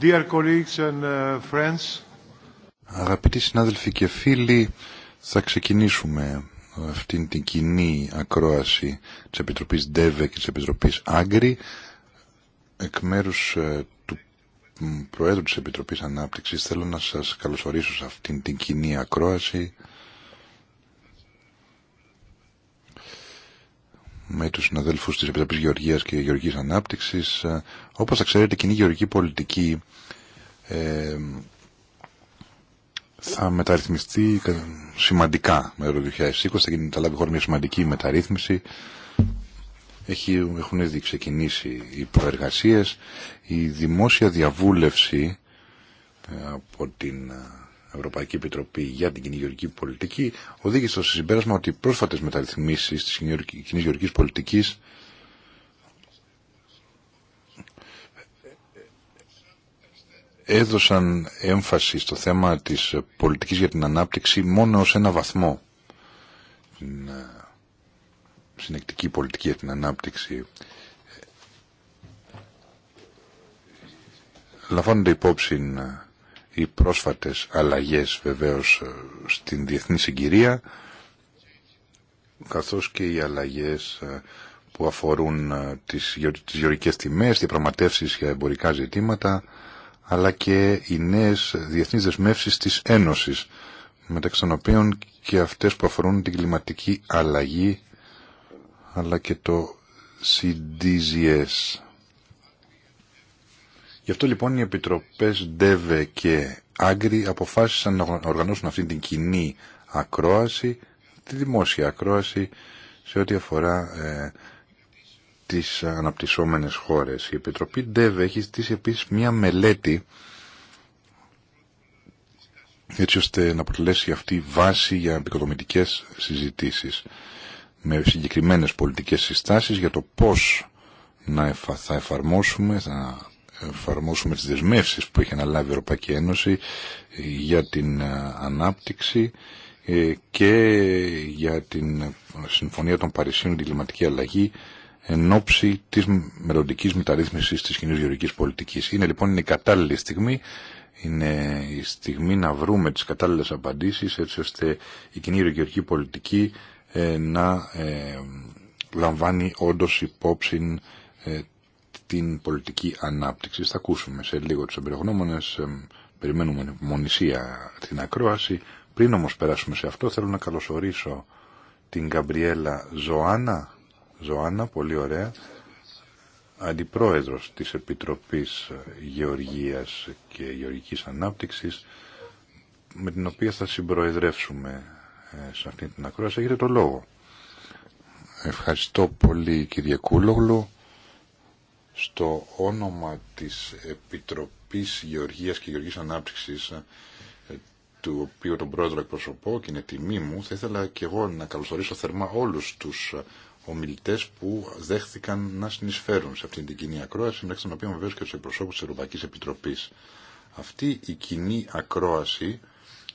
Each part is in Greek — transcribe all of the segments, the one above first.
Uh, Αγαπητοί συνάδελφοι και φίλοι, θα ξεκινήσουμε ε, αυτήν την κοινή ακρόαση της Επιτροπής ΔΕΒΕ και της Επιτροπής Άγκρη εκ μέρους ε, του Προέδρου της Επιτροπής Ανάπτυξης θέλω να σας καλωσορίσω σε αυτήν την κοινή ακρόαση με τους συναδέλφους της Επιτροπής Γεωργίας και Γεωργικής Ανάπτυξης. Ε, όπως θα ξέρετε, κοινή γεωργική πολιτική ε, θα μεταρρυθμιστεί σημαντικά με το 2020. Θα, γίνει, τα λάβει χώρα μια σημαντική μεταρρύθμιση. Έχει, έχουν ήδη ξεκινήσει οι προεργασίες. Η δημόσια διαβούλευση ε, από την Ευρωπαϊκή Επιτροπή για την Κοινή Πολιτική οδήγησε στο συμπέρασμα ότι οι πρόσφατες μεταρρυθμίσεις της Κοινής Γεωργικής Πολιτικής έδωσαν έμφαση στο θέμα της πολιτικής για την ανάπτυξη μόνο σε ένα βαθμό. Την ε, συνεκτική πολιτική για την ανάπτυξη. Ε, λαμβάνονται υπόψη ε, οι πρόσφατες αλλαγές βεβαίως ε, στην διεθνή συγκυρία καθώς και οι αλλαγές ε, που αφορούν ε, τις γεωρικές τιμές, διαπραγματεύσεις για εμπορικά ζητήματα αλλά και οι νέες διεθνείς δεσμεύσεις της Ένωσης μεταξύ των οποίων και αυτές που αφορούν την κλιματική αλλαγή αλλά και το CDGS Γι' αυτό λοιπόν οι επιτροπές ΔΕΒΕ και Άγκρι αποφάσισαν να οργανώσουν αυτή την κοινή ακρόαση, τη δημόσια ακρόαση σε ό,τι αφορά ε, τις αναπτυσσόμενες χώρες. Η Επιτροπή ΔΕΒΕ έχει ζητήσει επίσης μια μελέτη έτσι ώστε να αποτελέσει αυτή βάση για επικοδομητικές συζητήσεις με συγκεκριμένες πολιτικές συστάσεις για το πώς να θα εφαρμόσουμε, θα εφαρμόσουμε τις δεσμεύσεις που έχει αναλάβει η Ευρωπαϊκή Ένωση ε, για την ε, ανάπτυξη ε, και για την Συμφωνία των Παρισίων για την κλιματική αλλαγή εν ώψη της μελλοντικής μεταρρύθμισης της κοινής γεωργικής πολιτικής. Είναι λοιπόν η κατάλληλη στιγμή, είναι η στιγμή να βρούμε τις κατάλληλες απαντήσεις έτσι ώστε η κοινή γεωργική πολιτική να λαμβάνει όντως υπόψη την πολιτική ανάπτυξη. Θα ακούσουμε σε λίγο τους εμπειρογνώμονες, περιμένουμε μονησία την ακρόαση. Πριν όμως περάσουμε σε αυτό θέλω να καλωσορίσω την Γκαμπριέλα Ζωάνα, Ζωάνα πολύ ωραία, αντιπρόεδρος της Επιτροπής Γεωργίας και Γεωργικής Ανάπτυξης, με την οποία θα συμπροεδρεύσουμε ε, σε αυτή την ακρόαση. Έχετε το λόγο. Ευχαριστώ πολύ κύριε Κούλογλου στο όνομα της Επιτροπής Γεωργίας και Γεωργίας Ανάπτυξης ε, του οποίου τον πρόεδρο εκπροσωπώ και είναι τιμή μου, θα ήθελα και εγώ να καλωσορίσω θερμά όλους τους ε, ομιλητές που δέχθηκαν να συνεισφέρουν σε αυτήν την κοινή ακρόαση, μεταξύ των οποίων βεβαίω και τους εκπροσώπους της Ευρωπαϊκή Επιτροπής. Αυτή η κοινή ακρόαση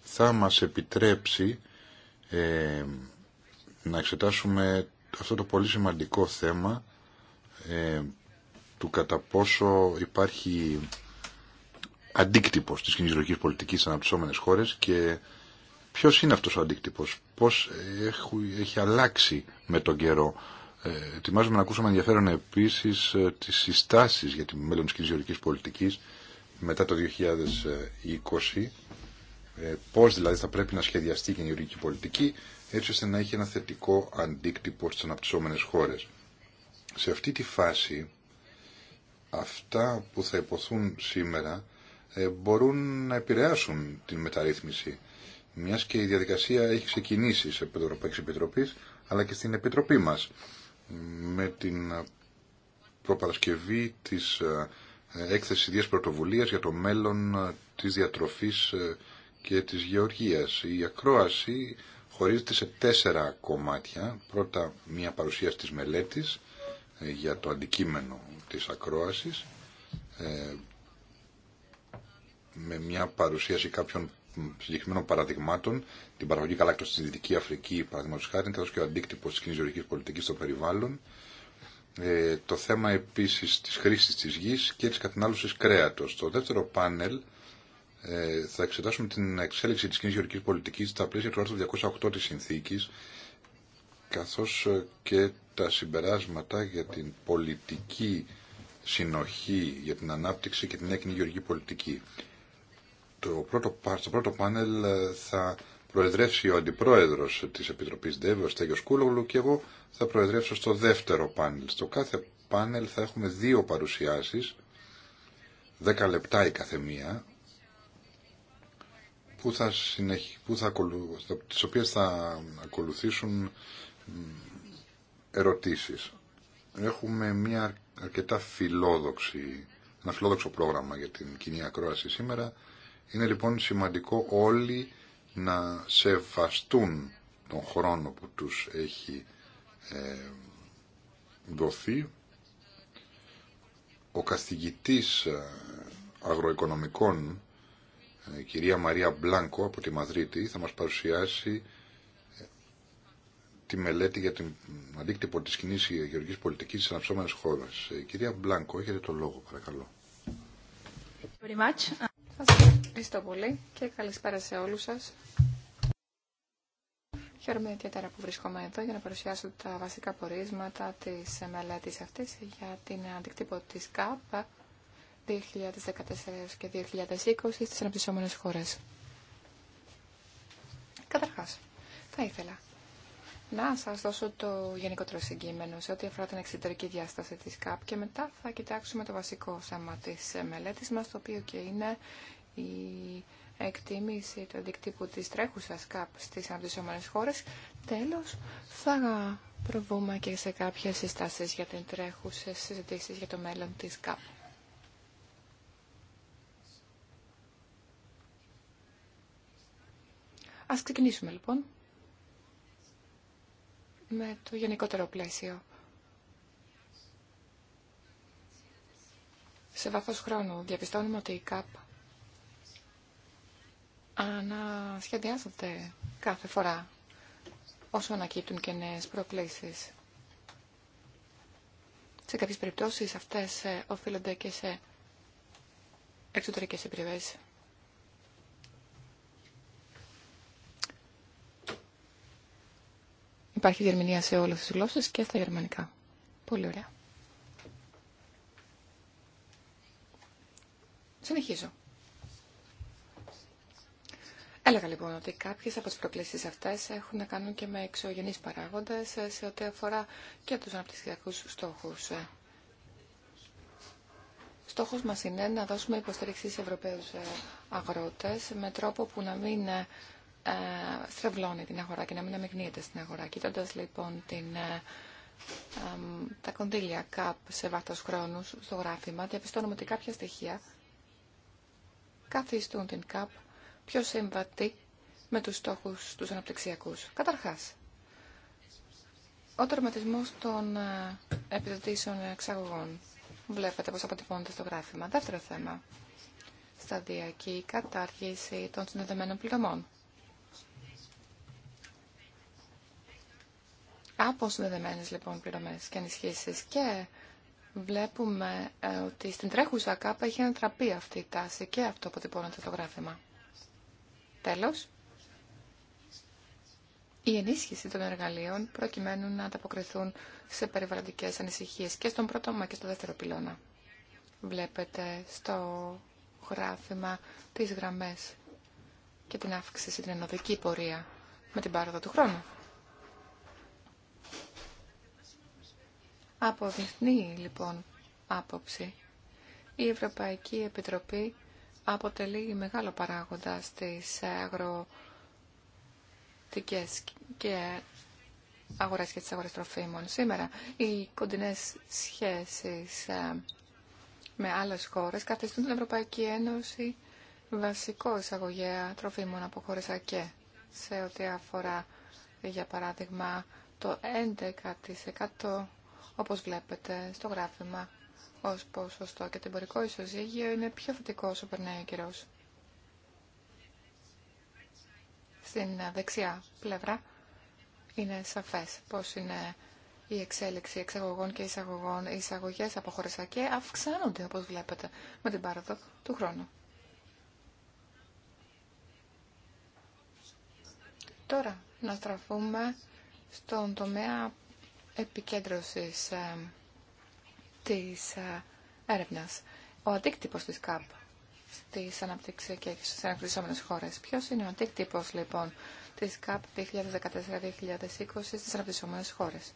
θα μας επιτρέψει ε, να εξετάσουμε αυτό το πολύ σημαντικό θέμα ε, του κατά πόσο υπάρχει αντίκτυπος της κοινή λογικής πολιτικής στις αναπτυσσόμενες χώρες και ποιος είναι αυτός ο αντίκτυπος, πώς έχει αλλάξει με τον καιρό. Ε, Ετοιμάζουμε να ακούσουμε ενδιαφέρον επίσης ε, τις συστάσεις για τη μέλλον της κοινής πολιτικής μετά το 2020, ε, πώς δηλαδή θα πρέπει να σχεδιαστεί η κοινωνική πολιτική έτσι ώστε να έχει ένα θετικό αντίκτυπο στις αναπτυσσόμενες χώρες. Σε αυτή τη φάση αυτά που θα υποθούν σήμερα ε, μπορούν να επηρεάσουν την μεταρρύθμιση. Μια και η διαδικασία έχει ξεκινήσει σε Ευρωπαϊκή Επιτροπή, αλλά και στην Επιτροπή μα. Με την προπαρασκευή της ε, έκθεση ιδίας πρωτοβουλία για το μέλλον ε, της διατροφής και της γεωργία. Η ακρόαση χωρίζεται σε τέσσερα κομμάτια. Πρώτα, μια παρουσίαση τη μελέτη για το αντικείμενο της ακρόασης ε, με μια παρουσίαση κάποιων συγκεκριμένων παραδειγμάτων, την παραγωγή γαλάκτος στη Δυτική Αφρική, παραδείγματος χάρη, και ο αντίκτυπος της κοινής πολιτικής στο περιβάλλον, ε, το θέμα επίσης της χρήσης της γης και της κατανάλωσης κρέατος. Το δεύτερο πάνελ ε, θα εξετάσουμε την εξέλιξη της κοινής γεωργικής πολιτικής στα πλαίσια του άρθρου 208 της συνθήκης, καθώς και τα συμπεράσματα για την πολιτική συνοχή για την ανάπτυξη και την νέα κοινή πολιτική. Το πρώτο, στο πρώτο πάνελ ε, θα προεδρεύσει ο αντιπρόεδρος της Επιτροπής ΔΕΒΕ, ο Στέγιος Κούλογλου, και εγώ θα προεδρεύσω στο δεύτερο πάνελ. Στο κάθε πάνελ θα έχουμε δύο παρουσιάσεις, δέκα λεπτά η καθεμία, που θα, συνεχί, που θα, τις οποίες θα ακολουθήσουν ερωτήσεις έχουμε μια αρκετά φιλόδοξη, ένα φιλόδοξο πρόγραμμα για την κοινή ακρόαση σήμερα. Είναι λοιπόν σημαντικό όλοι να σεβαστούν τον χρόνο που τους έχει ε, δοθεί. Ο καθηγητής ε, αγροοικονομικών, η ε, κυρία Μαρία Μπλάνκο από τη Μαδρίτη, θα μας παρουσιάσει τη μελέτη για την αντίκτυπο της κοινή γεωργικής πολιτικής της αναψώμενες χώρας. Ε, κυρία Μπλάνκο, έχετε το λόγο, παρακαλώ. ευχαριστώ πολύ και καλησπέρα σε όλους σας. Χαίρομαι ιδιαίτερα που βρίσκομαι εδώ για να παρουσιάσω τα βασικά πορίσματα τη μελέτης αυτής για την αντικτύπο της ΚΑΠ 2014 και 2020 στις αναπτυσσόμενες χώρες. Καταρχάς, θα ήθελα να σας δώσω το γενικότερο συγκείμενο σε ό,τι αφορά την εξωτερική διάσταση της ΚΑΠ και μετά θα κοιτάξουμε το βασικό θέμα της μελέτης μας, το οποίο και είναι η εκτίμηση του αντικτύπου της τρέχουσας ΚΑΠ στις αναπτυσσόμενες χώρες. Τέλος, θα προβούμε και σε κάποιες συστάσεις για την τρέχουσα συζητήσεις για το μέλλον της ΚΑΠ. Ας ξεκινήσουμε λοιπόν με το γενικότερο πλαίσιο. Σε βάθος χρόνου διαπιστώνουμε ότι η ΚΑΠ ανασχεδιάζεται κάθε φορά όσο ανακύπτουν και νέες προκλήσεις. Σε κάποιες περιπτώσεις αυτές ε, οφείλονται και σε εξωτερικές επιρροές Υπάρχει διερμηνία σε όλες τις γλώσσες και στα γερμανικά. Πολύ ωραία. Συνεχίζω. Έλεγα λοιπόν ότι κάποιες από τις προκλήσεις αυτές έχουν να κάνουν και με εξωγενείς παράγοντες σε ό,τι αφορά και τους αναπτυξιακούς στόχους. Στόχος μας είναι να δώσουμε υποστήριξη σε Ευρωπαίους ε, αγρότες με τρόπο που να μην ε, ε, στρεβλώνει την αγορά και να μην αμειγνύεται στην αγορά. Κοιτώντα λοιπόν την, ε, τα κονδύλια ΚΑΠ σε βάθο χρόνου στο γράφημα, διαπιστώνουμε ότι κάποια στοιχεία καθιστούν την ΚΑΠ πιο συμβατή με τους στόχους τους αναπτυξιακούς. Καταρχάς, ο τερματισμός των ε, επιδοτήσεων εξαγωγών. Βλέπετε πώς αποτυπώνεται στο γράφημα. Δεύτερο θέμα, σταδιακή κατάργηση των συνδεδεμένων πληρωμών. Αποσυνδεδεμένες λοιπόν πληρωμές και ενισχύσεις και βλέπουμε ε, ότι στην τρέχουσα κάπα έχει ανατραπεί αυτή η τάση και αυτό αποτυπώνεται το γράφημα. Τέλος, η ενίσχυση των εργαλείων προκειμένου να ανταποκριθούν σε περιβαλλοντικές ανησυχίες και στον πρώτο μα και στο δεύτερο πυλώνα. Βλέπετε στο γράφημα τις γραμμέ και την αύξηση, την ενωδική πορεία με την πάροδο του χρόνου. Από διεθνή λοιπόν άποψη, η Ευρωπαϊκή Επιτροπή αποτελεί μεγάλο παράγοντα στις αγροτικές και αγορές και τις αγορές τροφίμων. Σήμερα οι κοντινές σχέσεις ε, με άλλες χώρες καθιστούν την Ευρωπαϊκή Ένωση βασικό εισαγωγέα τροφίμων από χώρες ΑΚΕ σε ό,τι αφορά για παράδειγμα το 11% όπως βλέπετε στο γράφημα ως ποσοστό και το εμπορικό ισοζύγιο είναι πιο θετικό όσο περνάει ο καιρός. Στην δεξιά πλευρά είναι σαφές πως είναι η εξέλιξη εξαγωγών και εισαγωγών, οι εισαγωγές από χώρες και αυξάνονται όπως βλέπετε με την πάροδο του χρόνου. Τώρα να στραφούμε στον τομέα επικέντρωσης ε, της ε, έρευνας. Ο αντίκτυπος της ΚΑΠ στις αναπτύξεις και στις αναπτυσσόμενες χώρες. Ποιος είναι ο αντίκτυπος λοιπόν της ΚΑΠ 2014-2020 στις αναπτυσσόμενες χώρες.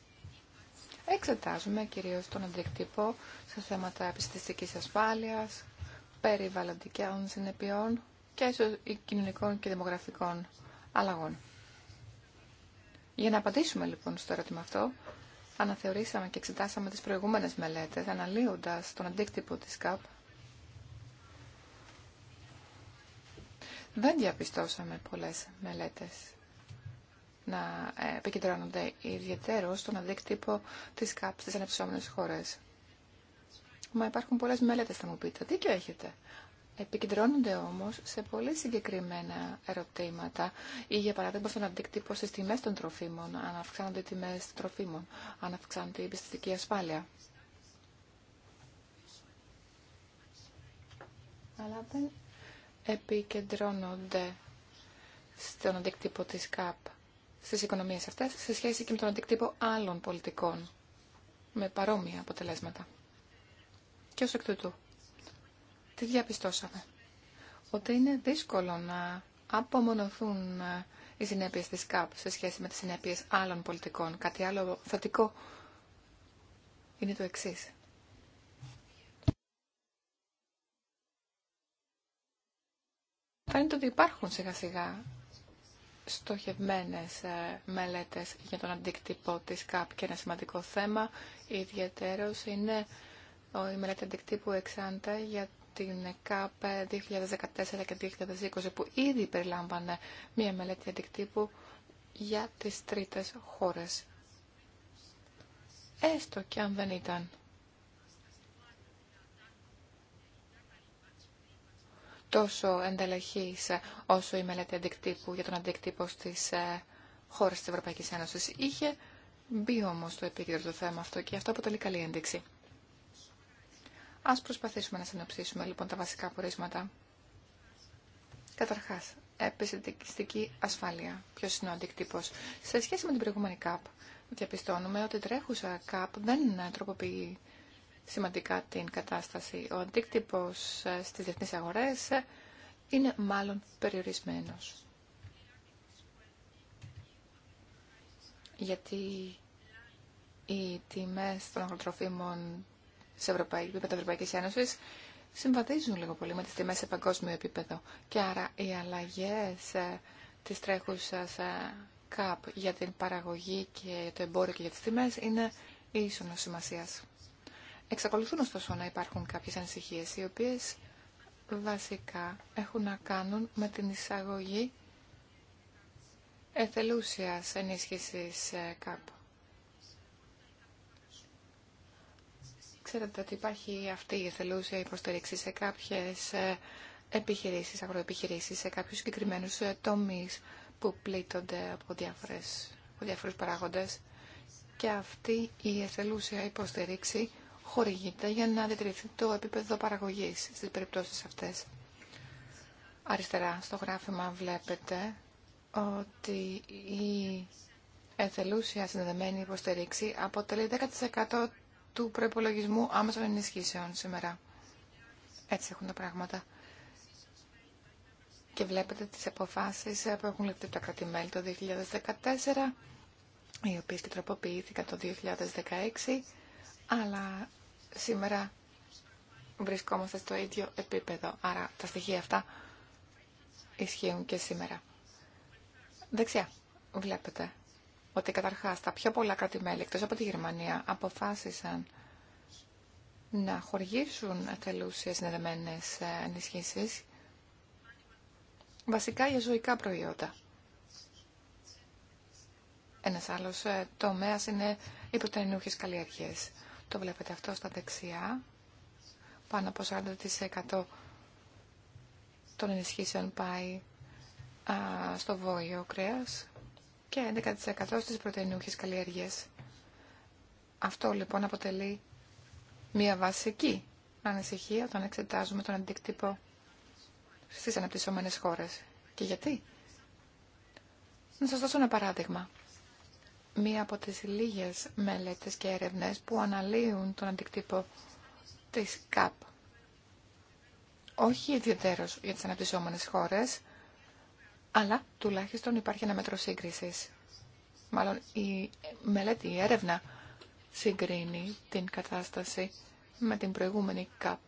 Εξετάζουμε κυρίως τον αντίκτυπο σε θέματα επιστημιστικής ασφάλειας, περιβαλλοντικών συνεπειών και κοινωνικών και δημογραφικών αλλαγών. Για να απαντήσουμε λοιπόν στο ερώτημα αυτό, αναθεωρήσαμε και εξετάσαμε τις προηγούμενες μελέτες, αναλύοντας τον αντίκτυπο της ΚΑΠ. Δεν διαπιστώσαμε πολλές μελέτες να ε, επικεντρώνονται ιδιαίτερο στον αντίκτυπο της ΚΑΠ στις ανεψόμενες χώρες. Μα υπάρχουν πολλές μελέτες, θα μου πείτε. και έχετε. Επικεντρώνονται όμως σε πολύ συγκεκριμένα ερωτήματα ή για παράδειγμα στον αντίκτυπο στις τιμές των τροφίμων, αν αυξάνονται οι τιμές των τροφίμων, αν αυξάνονται η πιστητική ασφάλεια. Αλλά δεν επικεντρώνονται στον αντίκτυπο της ΚΑΠ στις οικονομίες αυτές σε σχέση και με τον αντίκτυπο άλλων πολιτικών με παρόμοια αποτελέσματα. Και ως εκ τούτου τι διαπιστώσαμε. Ότι είναι δύσκολο να απομονωθούν ε, οι συνέπειες της ΚΑΠ σε σχέση με τις συνέπειες άλλων πολιτικών. Κάτι άλλο θετικό είναι το εξής. Φαίνεται ότι υπάρχουν σιγά σιγά στοχευμένες ε, μελέτες για τον αντίκτυπο της ΚΑΠ και ένα σημαντικό θέμα ιδιαίτερος είναι η μελέτη αντικτύπου εξάντα για την ΚΑΠ 2014 και 2020 που ήδη περιλάμβανε μία μελέτη αντικτύπου για τις τρίτες χώρες. Έστω και αν δεν ήταν. τόσο εντελεχής όσο η μελέτη αντικτύπου για τον αντικτύπο στις ε, χώρες της Ευρωπαϊκής Ένωσης. Είχε μπει όμως το επίκεντρο το θέμα αυτό και αυτό αποτελεί καλή ένδειξη. Ας προσπαθήσουμε να συνοψίσουμε λοιπόν τα βασικά πορίσματα. Καταρχάς, επιστημιστική ασφάλεια. Ποιος είναι ο αντικτύπος. Σε σχέση με την προηγούμενη ΚΑΠ, διαπιστώνουμε ότι τρέχουσα ΚΑΠ δεν τροποποιεί σημαντικά την κατάσταση. Ο αντίκτυπος ε, στις διεθνείς αγορές ε, είναι μάλλον περιορισμένος. Γιατί οι τιμές των αγροτροφίμων σε ευρωπαϊκή επίπεδο Ευρωπαϊκής Ένωσης συμβαδίζουν λίγο πολύ με τις τιμές σε παγκόσμιο επίπεδο. Και άρα οι αλλαγές ε, της τρέχουσας ε, ΚΑΠ για την παραγωγή και το εμπόριο και για τις τιμές είναι ίσονος σημασίας. Εξακολουθούν ωστόσο να υπάρχουν κάποιες ανησυχίες, οι οποίες βασικά έχουν να κάνουν με την εισαγωγή εθελούσιας ενίσχυσης ε, ΚΑΠ. Ξέρετε ότι υπάρχει αυτή η εθελούσια υποστήριξη σε κάποιες ε, επιχειρήσεις, αγροεπιχειρήσεις, σε κάποιους συγκεκριμένους ε, τομείς που πλήττονται από, διάφορες, από παράγοντες και αυτή η εθελούσια υποστήριξη χορηγείται για να διατηρηθεί το επίπεδο παραγωγής στις περιπτώσεις αυτές. Αριστερά στο γράφημα βλέπετε ότι η εθελούσια συνδεδεμένη υποστήριξη αποτελεί 10% του προπολογισμού άμεσων ενισχύσεων σήμερα. Έτσι έχουν τα πράγματα. Και βλέπετε τις αποφάσεις που έχουν ληφθεί τα κρατημέλη το 2014, οι οποίες και τροποποιήθηκαν το 2016, αλλά σήμερα βρισκόμαστε στο ίδιο επίπεδο. Άρα τα στοιχεία αυτά ισχύουν και σήμερα. Δεξιά βλέπετε ότι καταρχάς τα πιο πολλά κράτη-μέλη εκτός από τη Γερμανία αποφάσισαν να χορηγήσουν τελούσια συνδεδεμένες ε, ενισχύσεις βασικά για ζωικά προϊόντα. Ένας άλλος ε, τομέα είναι οι πρωτενούχες καλλιέργειες. Το βλέπετε αυτό στα δεξιά. Πάνω από 40% των ενισχύσεων πάει στο βόλιο κρέας και 11% στις πρωτεϊνούχες καλλιέργειες. Αυτό λοιπόν αποτελεί μια βασική ανησυχία όταν εξετάζουμε τον αντίκτυπο στις αναπτυσσόμενες χώρες. Και γιατί? Να σας δώσω ένα παράδειγμα. Μία από τις λίγες μελέτες και έρευνες που αναλύουν τον αντικτύπο της ΚΑΠ. Όχι ιδιαίτερος για τις αναπτυσσόμενες χώρες, αλλά τουλάχιστον υπάρχει ένα μέτρο σύγκριση. Μάλλον η μελέτη, η έρευνα συγκρίνει την κατάσταση με την προηγούμενη ΚΑΠ.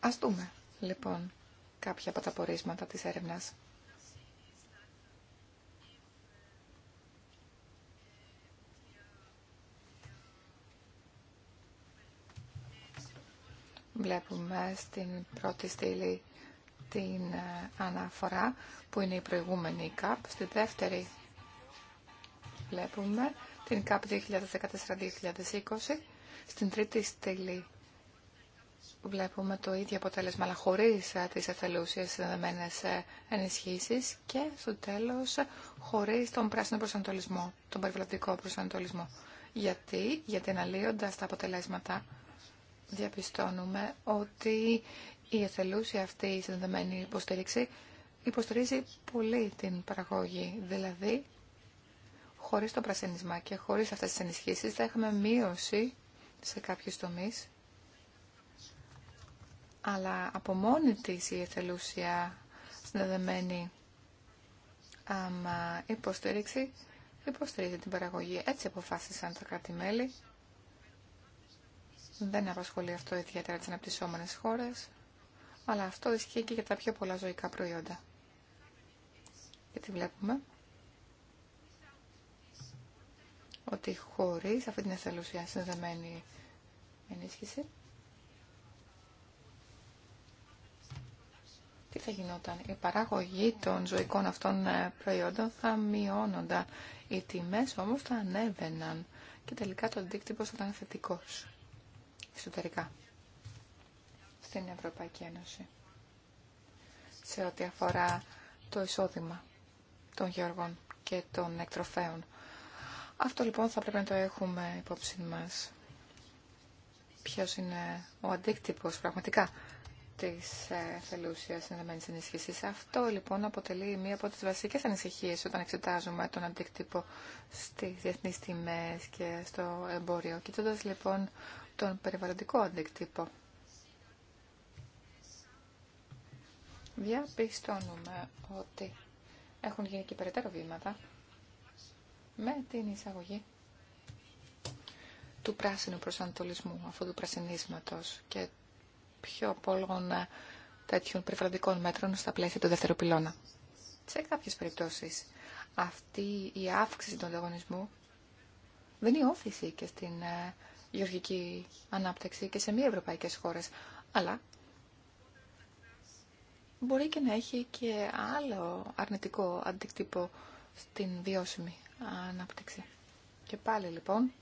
Ας δούμε, λοιπόν, κάποια από τα πορίσματα της έρευνας. Βλέπουμε στην πρώτη στήλη την ε, αναφορά που είναι η προηγούμενη ΚΑΠ. Στη δεύτερη βλέπουμε την ΚΑΠ 2014-2020. Στην τρίτη στήλη βλέπουμε το ίδιο αποτέλεσμα, αλλά χωρίς ε, τις εθελούσιες συνδεδεμένες ε, ενισχύσεις και στο τέλος χωρίς τον πράσινο προσανατολισμό, τον περιβαλλοντικό προσανατολισμό. Γιατί, γιατί αναλύοντας τα αποτελέσματα διαπιστώνουμε ότι η εθελούση αυτή η συνδεδεμένη υποστήριξη υποστηρίζει πολύ την παραγωγή. Δηλαδή, χωρίς το πρασινισμά και χωρίς αυτές τις ενισχύσεις θα είχαμε μείωση σε κάποιους τομείς. Αλλά από μόνη της η εθελούσια συνδεδεμένη άμα υποστήριξη υποστηρίζει την παραγωγή. Έτσι αποφάσισαν τα κράτη-μέλη δεν απασχολεί αυτό ιδιαίτερα τι αναπτύσσόμενε χώρε, αλλά αυτό ισχύει και για τα πιο πολλά ζωικά προϊόντα. Γιατί βλέπουμε ότι χωρί αυτή την εθελοσία συνδεδεμένη ενίσχυση, τι θα γινόταν. Η παραγωγή των ζωικών αυτών ε, προϊόντων θα μειώνονταν. Οι τιμές όμως θα ανέβαιναν και τελικά το αντίκτυπο θα ήταν θετικός εσωτερικά στην Ευρωπαϊκή Ένωση σε ό,τι αφορά το εισόδημα των γεωργών και των εκτροφέων. Αυτό λοιπόν θα πρέπει να το έχουμε υπόψη μας. Ποιος είναι ο αντίκτυπος πραγματικά της ε, θελούσιας συνδεμένης ενισχύσης. Αυτό λοιπόν αποτελεί μία από τις βασικές ανησυχίες όταν εξετάζουμε τον αντίκτυπο στις διεθνείς τιμές και στο εμπόριο. Κοιτώντας, λοιπόν τον περιβαλλοντικό αντικτύπο. Διαπιστώνουμε ότι έχουν γίνει και περαιτέρω βήματα με την εισαγωγή του πράσινου προσανατολισμού, αφού του πρασινίσματος και πιο πολλών ε, τέτοιων περιβαλλοντικών μέτρων στα πλαίσια του δεύτερου πυλώνα. Σε κάποιες περιπτώσεις αυτή η αύξηση του ανταγωνισμού ...δεν είναι όφηση και στην ε, γεωργική ανάπτυξη και σε μη ευρωπαϊκές χώρες. Αλλά μπορεί και να έχει και άλλο αρνητικό αντικτύπο στην βιώσιμη ανάπτυξη. Και πάλι λοιπόν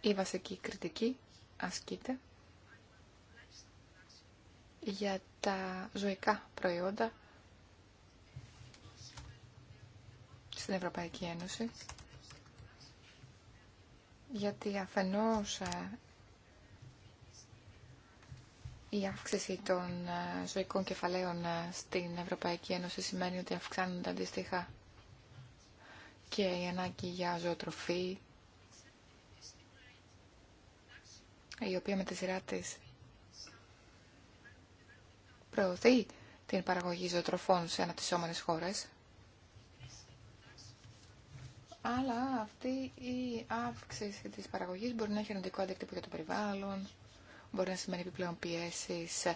η βασική κριτική ασκείται για τα ζωικά προϊόντα στην Ευρωπαϊκή Ένωση γιατί αφενός ε, η αύξηση των ε, ζωικών κεφαλαίων ε, στην Ευρωπαϊκή Ένωση σημαίνει ότι αυξάνονται αντίστοιχα και η ανάγκη για ζωοτροφή, η οποία με τη σειρά της προωθεί την παραγωγή ζωοτροφών σε αναπτυσσόμενες χώρες αλλά αυτή η αύξηση της παραγωγής μπορεί να έχει αρνητικό αντίκτυπο για το περιβάλλον, μπορεί να σημαίνει επιπλέον πιέσεις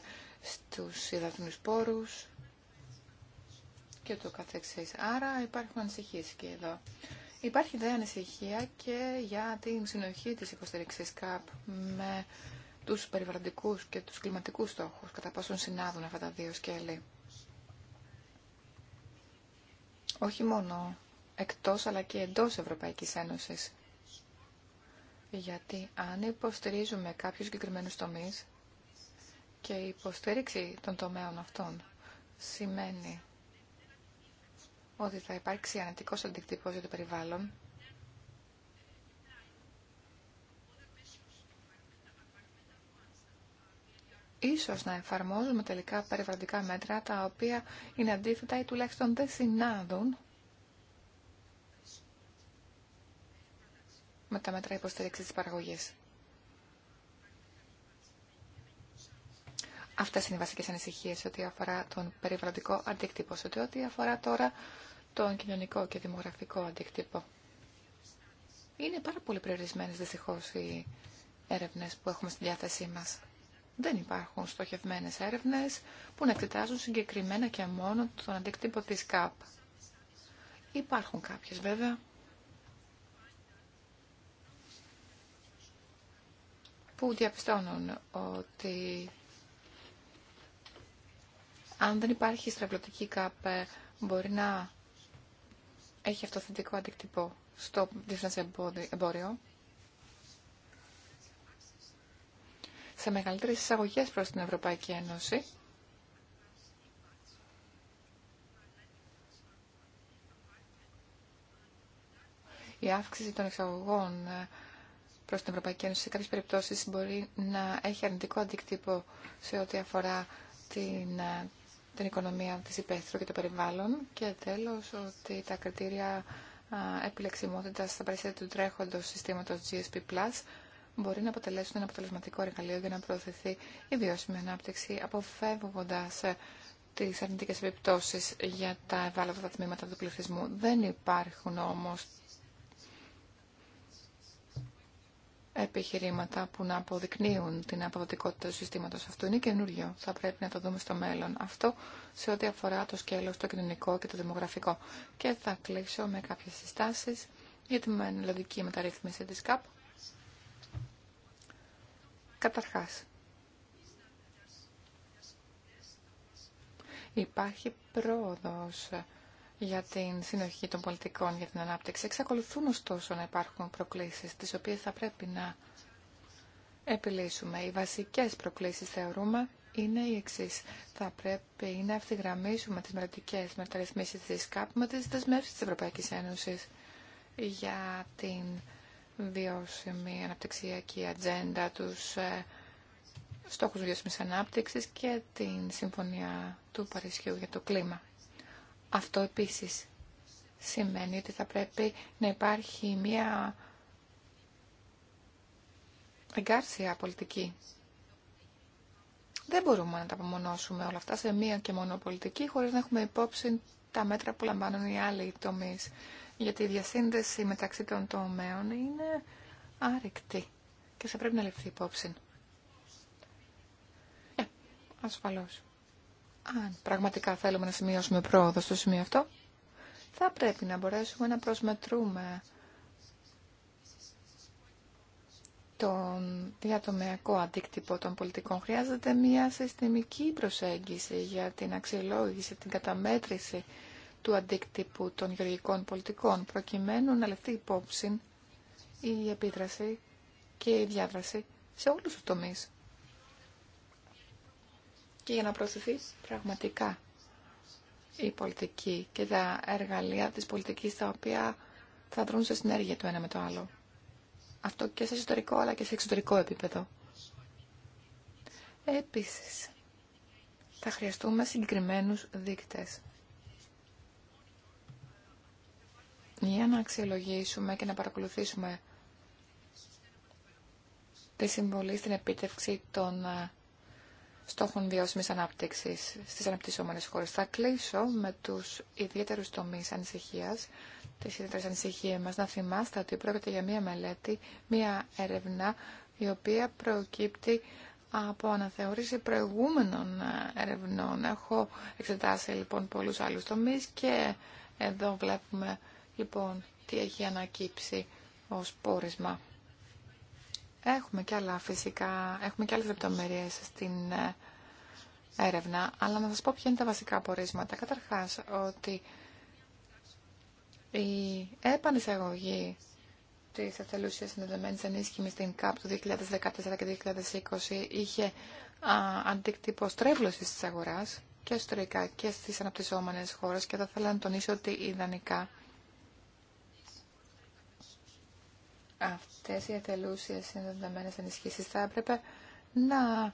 στους υδατινούς πόρους και το καθεξής. Άρα υπάρχουν ανησυχίες και εδώ. Υπάρχει δε ανησυχία και για την συνοχή της υποστηρίξης ΚΑΠ με τους περιβαλλοντικούς και τους κλιματικούς στόχους, κατά πόσον συνάδουν αυτά τα δύο σκέλη. Όχι μόνο εκτός αλλά και εντός Ευρωπαϊκής Ένωσης. Γιατί αν υποστηρίζουμε κάποιους συγκεκριμένου τομεί και η υποστήριξη των τομέων αυτών σημαίνει ότι θα υπάρξει ανετικός αντικτύπωση για το περιβάλλον, ίσως να εφαρμόζουμε τελικά περιβαλλοντικά μέτρα τα οποία είναι αντίθετα ή τουλάχιστον δεν συνάδουν με τα μέτρα υποστήριξη τη παραγωγή. Αυτέ είναι οι βασικές ανησυχίε, ό,τι αφορά τον περιβαλλοντικό αντίκτυπο, σε ό,τι αφορά τώρα τον κοινωνικό και δημογραφικό αντίκτυπο. Είναι πάρα πολύ περιορισμένε δυστυχώ οι έρευνες που έχουμε στη διάθεσή μας. Δεν υπάρχουν στοχευμένες έρευνες που να εξετάζουν συγκεκριμένα και μόνο τον αντίκτυπο της ΚΑΠ. Υπάρχουν κάποιες βέβαια που διαπιστώνουν ότι αν δεν υπάρχει στραβλωτική ΚΑΠ μπορεί να έχει αυτό θετικό αντικτυπώ στο διεθνές εμπόριο σε μεγαλύτερες εισαγωγές προς την Ευρωπαϊκή Ένωση η αύξηση των εξαγωγών ε, προς την Ευρωπαϊκή Ένωση σε κάποιες περιπτώσεις μπορεί να έχει αρνητικό αντίκτυπο σε ό,τι αφορά την, ε, την οικονομία της υπαίθρου και το περιβάλλον και τέλος ότι τα κριτήρια ε, επιλεξιμότητας στα περιστατικά του τρέχοντος συστήματος GSP+, μπορεί να αποτελέσουν ένα αποτελεσματικό εργαλείο για να προωθηθεί η βιώσιμη ανάπτυξη, αποφεύγοντας ε, τις αρνητικές επιπτώσεις για τα ευάλωτα τμήματα του πληθυσμού. Δεν υπάρχουν όμως επιχειρήματα που να αποδεικνύουν την αποδοτικότητα του συστήματο. αυτού. Είναι καινούριο. Θα πρέπει να το δούμε στο μέλλον. Αυτό σε ό,τι αφορά το σκέλο το κοινωνικό και το δημογραφικό. Και θα κλείσω με κάποιε συστάσει για τη μελλοντική μεταρρύθμιση τη ΚΑΠ. Καταρχά. υπάρχει πρόοδος για την συνοχή των πολιτικών για την ανάπτυξη. Εξακολουθούν ωστόσο να υπάρχουν προκλήσεις, τις οποίες θα πρέπει να επιλύσουμε. Οι βασικές προκλήσεις θεωρούμε είναι οι εξή. Θα πρέπει να ευθυγραμμίσουμε τις μελλοντικέ μεταρρυθμίσεις της ΚΑΠ με τις δεσμεύσεις της Ευρωπαϊκής Ένωσης για την βιώσιμη αναπτυξιακή ατζέντα, τους ε, στόχους βιώσιμης ανάπτυξης και την Συμφωνία του Παρισιού για το κλίμα. Αυτό επίσης σημαίνει ότι θα πρέπει να υπάρχει μία εγκάρσια πολιτική. Δεν μπορούμε να τα απομονώσουμε όλα αυτά σε μία και μόνο πολιτική χωρίς να έχουμε υπόψη τα μέτρα που λαμβάνουν οι άλλοι τομείς. Γιατί η διασύνδεση μεταξύ των τομέων είναι άρρηκτη και θα πρέπει να ληφθεί υπόψη. Ε, ασφαλώς. Αν πραγματικά θέλουμε να σημειώσουμε πρόοδο στο σημείο αυτό, θα πρέπει να μπορέσουμε να προσμετρούμε τον διατομιακό αντίκτυπο των πολιτικών. Χρειάζεται μια συστημική προσέγγιση για την αξιολόγηση, την καταμέτρηση του αντίκτυπου των γεωργικών πολιτικών, προκειμένου να λεφτεί υπόψη η επίδραση και η διάδραση σε όλους τους τομείς και για να προωθηθεί πραγματικά η πολιτική και τα εργαλεία της πολιτικής τα οποία θα δρουν σε συνέργεια το ένα με το άλλο. Αυτό και σε ιστορικό αλλά και σε εξωτερικό επίπεδο. Επίσης, θα χρειαστούμε συγκεκριμένους δείκτες για να αξιολογήσουμε και να παρακολουθήσουμε τη συμβολή στην επίτευξη των ε, στόχων βιώσιμη ανάπτυξη στι αναπτυσσόμενε χώρε. Θα κλείσω με τους ιδιαίτερους τομεί ανησυχία, τις ιδιαίτερες ανησυχίε μας. Να θυμάστε ότι πρόκειται για μία μελέτη, μία έρευνα, η οποία προκύπτει από αναθεώρηση προηγούμενων ερευνών. Έχω εξετάσει λοιπόν πολλούς άλλους τομείς και εδώ βλέπουμε λοιπόν τι έχει ανακύψει ως πόρισμα. Έχουμε και άλλα φυσικά, έχουμε και άλλες λεπτομέρειες στην ε, έρευνα, αλλά να σας πω ποια είναι τα βασικά απορίσματα. Καταρχάς, ότι η επανεισαγωγή της αυτελούσιας συνδεδεμένης ενισχύμη στην ΚΑΠ του 2014 και 2020 είχε αντίκτυπο στρέβλωσης της αγοράς και ιστορικά και στις αναπτυσσόμενες χώρες και θα ήθελα να τονίσω ότι ιδανικά αυτές οι ατελούσιες συνδεδεμένες ενισχύσεις θα έπρεπε να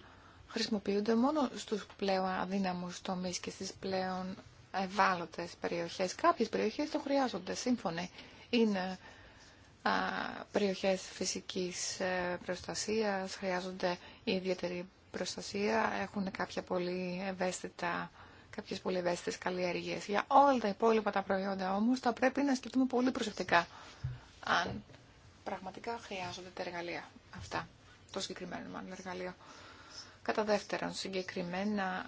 χρησιμοποιούνται μόνο στους πλέον αδύναμους τομείς και στις πλέον ευάλωτες περιοχές. Κάποιες περιοχές το χρειάζονται, σύμφωνοι. Είναι περιοχέ περιοχές φυσικής ε, προστασίας, χρειάζονται ιδιαίτερη προστασία, έχουν κάποια πολύ ευαίσθητα κάποιε πολύ ευαίσθητε καλλιέργειε. Για όλα τα υπόλοιπα τα προϊόντα όμω θα πρέπει να σκεφτούμε πολύ προσεκτικά αν πραγματικά χρειάζονται τα εργαλεία αυτά, το συγκεκριμένο μάλλον εργαλείο. Κατά δεύτερον, συγκεκριμένα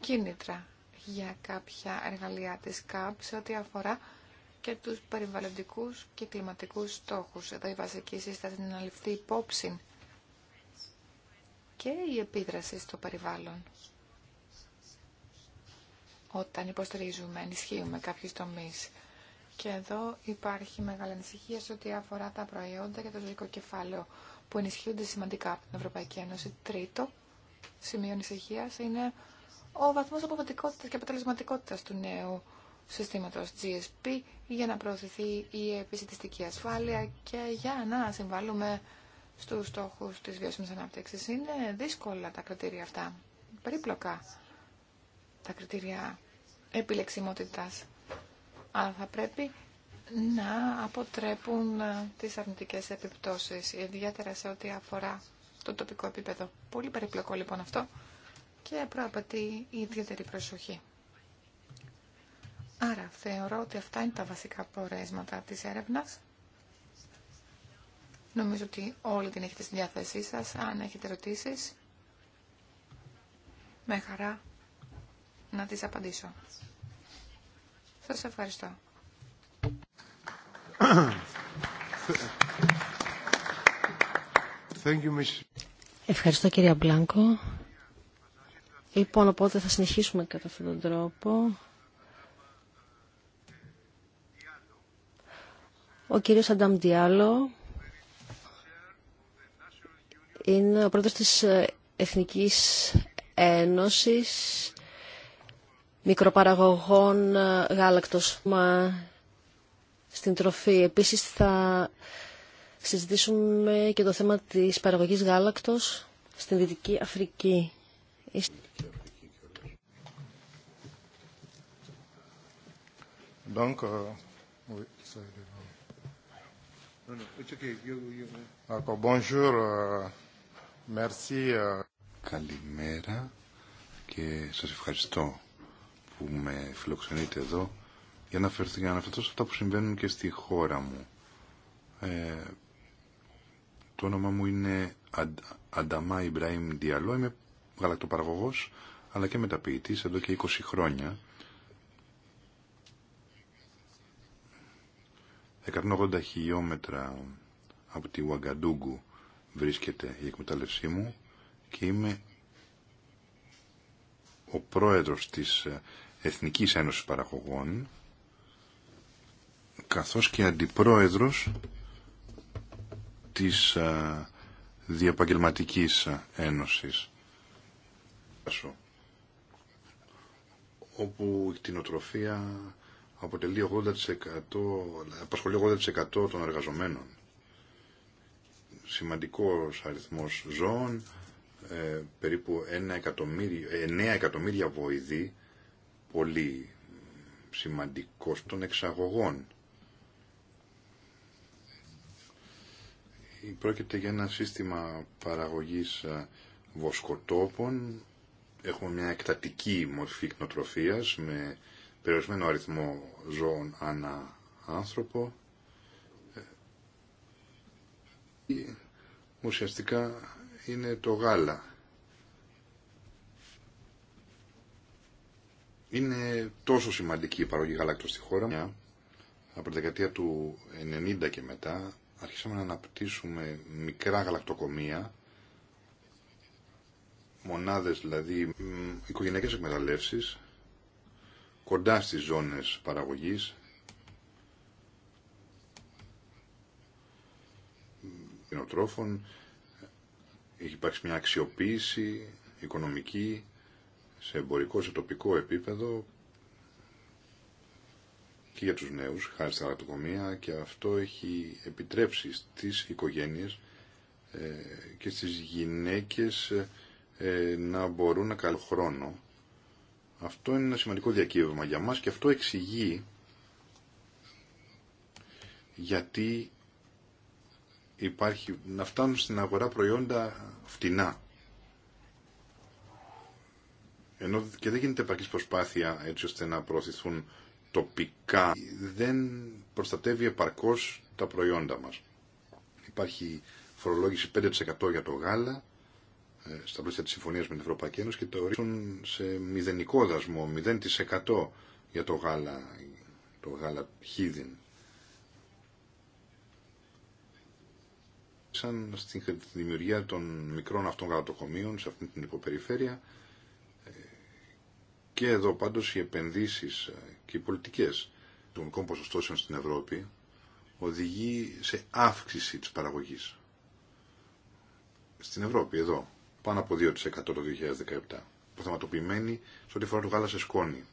κίνητρα για κάποια εργαλεία της ΚΑΠ σε ό,τι αφορά και τους περιβαλλοντικούς και κλιματικούς στόχους. Εδώ η βασική σύσταση είναι να ληφθεί υπόψη και η επίδραση στο περιβάλλον. Όταν υποστηρίζουμε, ενισχύουμε κάποιους τομείς. Και εδώ υπάρχει μεγάλη ανησυχία σε ό,τι αφορά τα προϊόντα και το ζωικό κεφάλαιο που ενισχύονται σημαντικά από την Ευρωπαϊκή Ένωση. Τρίτο σημείο ανησυχία είναι ο βαθμό αποδοτικότητα και αποτελεσματικότητα του νέου συστήματο GSP για να προωθηθεί η επιστημιστική ασφάλεια και για να συμβάλλουμε στους στόχους της βιώσιμης ανάπτυξης. Είναι δύσκολα τα κριτήρια αυτά, περίπλοκα τα κριτήρια επιλεξιμότητας αλλά θα πρέπει να αποτρέπουν ε, τις αρνητικές επιπτώσεις, ιδιαίτερα σε ό,τι αφορά το τοπικό επίπεδο. Πολύ περιπλοκό λοιπόν αυτό και προαπαιτεί ιδιαίτερη προσοχή. Άρα θεωρώ ότι αυτά είναι τα βασικά πορέσματα της έρευνας. Νομίζω ότι όλοι την έχετε στη διάθεσή σας, αν έχετε ερωτήσεις, με χαρά να τις απαντήσω. Σας ευχαριστώ. Ευχαριστώ κυρία Μπλάνκο. Λοιπόν, οπότε θα συνεχίσουμε κατά αυτόν τον τρόπο. Ο κύριος Αντάμ Διάλο είναι ο πρόεδρος της Εθνικής Ένωσης μικροπαραγωγών ε, γάλακτος μα στην τροφή. Επίσης θα συζητήσουμε και το θέμα της παραγωγής γάλακτος στην Δυτική Αφρική. Καλημέρα και σας ευχαριστώ που με φιλοξενείτε εδώ για να, φερθεί για να αναφερθώ σε αυτά που συμβαίνουν και στη χώρα μου. Ε, το όνομά μου είναι Ανταμά Ανταμά Ιμπραήμ Διαλό, είμαι γαλακτοπαραγωγός αλλά και μεταποιητής εδώ και 20 χρόνια. 180 χιλιόμετρα από τη Ουαγκαντούγκου βρίσκεται η εκμετάλλευσή μου και είμαι ο πρόεδρος της ε, Εθνικής Ένωσης Παραγωγών καθώς και αντιπρόεδρος της α, Διαπαγγελματικής Ένωσης όπου η κτηνοτροφία αποτελεί 80%, απασχολεί 80% των εργαζομένων. Σημαντικός αριθμός ζώων, ε, περίπου 1 9 ε, εκατομμύρια βοηθοί πολύ σημαντικός των εξαγωγών. Πρόκειται για ένα σύστημα παραγωγής ε, βοσκοτόπων. Έχουμε μια εκτατική μορφή κνοτροφίας με περιορισμένο αριθμό ζώων ανά άνθρωπο. Ε, ουσιαστικά είναι το γάλα Είναι τόσο σημαντική η παραγωγή γαλάκτος στη χώρα Από τη δεκαετία του 90 και μετά αρχίσαμε να αναπτύσσουμε μικρά γαλακτοκομεία, μονάδες δηλαδή οικογενειακές εκμεταλλεύσεις, κοντά στις ζώνες παραγωγής, κοινοτρόφων, έχει υπάρξει μια αξιοποίηση οικονομική σε εμπορικό, σε τοπικό επίπεδο και για τους νέους, χάρη στα και αυτό έχει επιτρέψει στις οικογένειες ε, και στις γυναίκες ε, ε, να μπορούν να καλούν χρόνο. Αυτό είναι ένα σημαντικό διακύβευμα για μας και αυτό εξηγεί γιατί υπάρχει να φτάνουν στην αγορά προϊόντα φτηνά ενώ και δεν γίνεται επαρκή προσπάθεια έτσι ώστε να προωθηθούν τοπικά, δεν προστατεύει επαρκώ τα προϊόντα μας. Υπάρχει φορολόγηση 5% για το γάλα, ε, στα πλαίσια της Συμφωνία με την Ευρωπαϊκή Ένωση και το ορίζουν σε μηδενικό δασμό, 0% για το γάλα, το γάλα χίδιν. Σαν στην δημιουργία των μικρών αυτών γαλατοκομείων σε αυτή την υποπεριφέρεια, και εδώ πάντως οι επενδύσεις ε, και οι πολιτικές οικονομικών ποσοστώσεων στην Ευρώπη οδηγεί σε αύξηση της παραγωγής. Στην Ευρώπη, εδώ, πάνω από 2% το 2017, προθεματοποιημένη σε ό,τι φορά το γάλα σε σκόνη.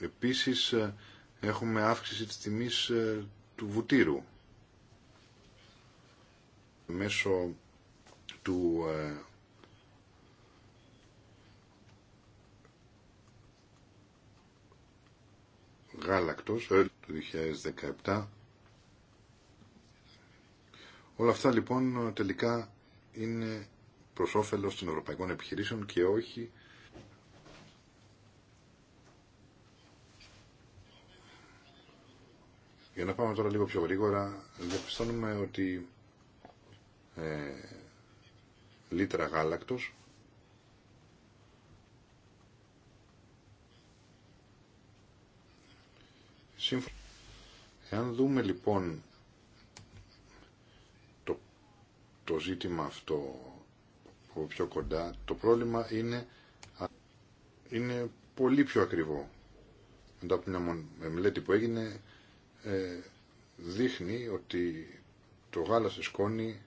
Επίσης, ε, έχουμε αύξηση της τιμής ε, του βουτύρου μέσω του γάλακτος ε, του 2017. Όλα αυτά λοιπόν τελικά είναι προς όφελος των ευρωπαϊκών επιχειρήσεων και όχι Για να πάμε τώρα λίγο πιο γρήγορα, διαπιστώνουμε ότι ε, λίτρα γάλακτος Εάν δούμε λοιπόν το, ζήτημα αυτό από πιο κοντά, το πρόβλημα είναι, είναι πολύ πιο ακριβό. Μετά από μια μελέτη που έγινε, ε, δείχνει ότι το γάλα σε σκόνη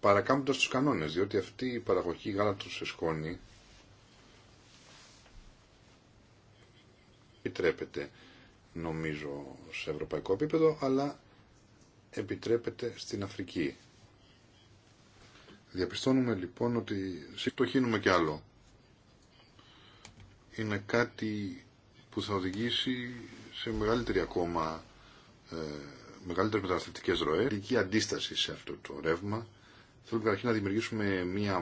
παρακάμπτοντας τους κανόνες, διότι αυτή η παραγωγή γάλατος σε σκόνη επιτρέπεται νομίζω σε ευρωπαϊκό επίπεδο, αλλά επιτρέπεται στην Αφρική. Διαπιστώνουμε λοιπόν ότι συκτοχύνουμε κι άλλο. Είναι κάτι που θα οδηγήσει σε μεγαλύτερη ακόμα ε, μεγαλύτερε μεταναστευτικέ ροέ. αντίσταση σε αυτό το ρεύμα. Θέλουμε καταρχήν να δημιουργήσουμε μία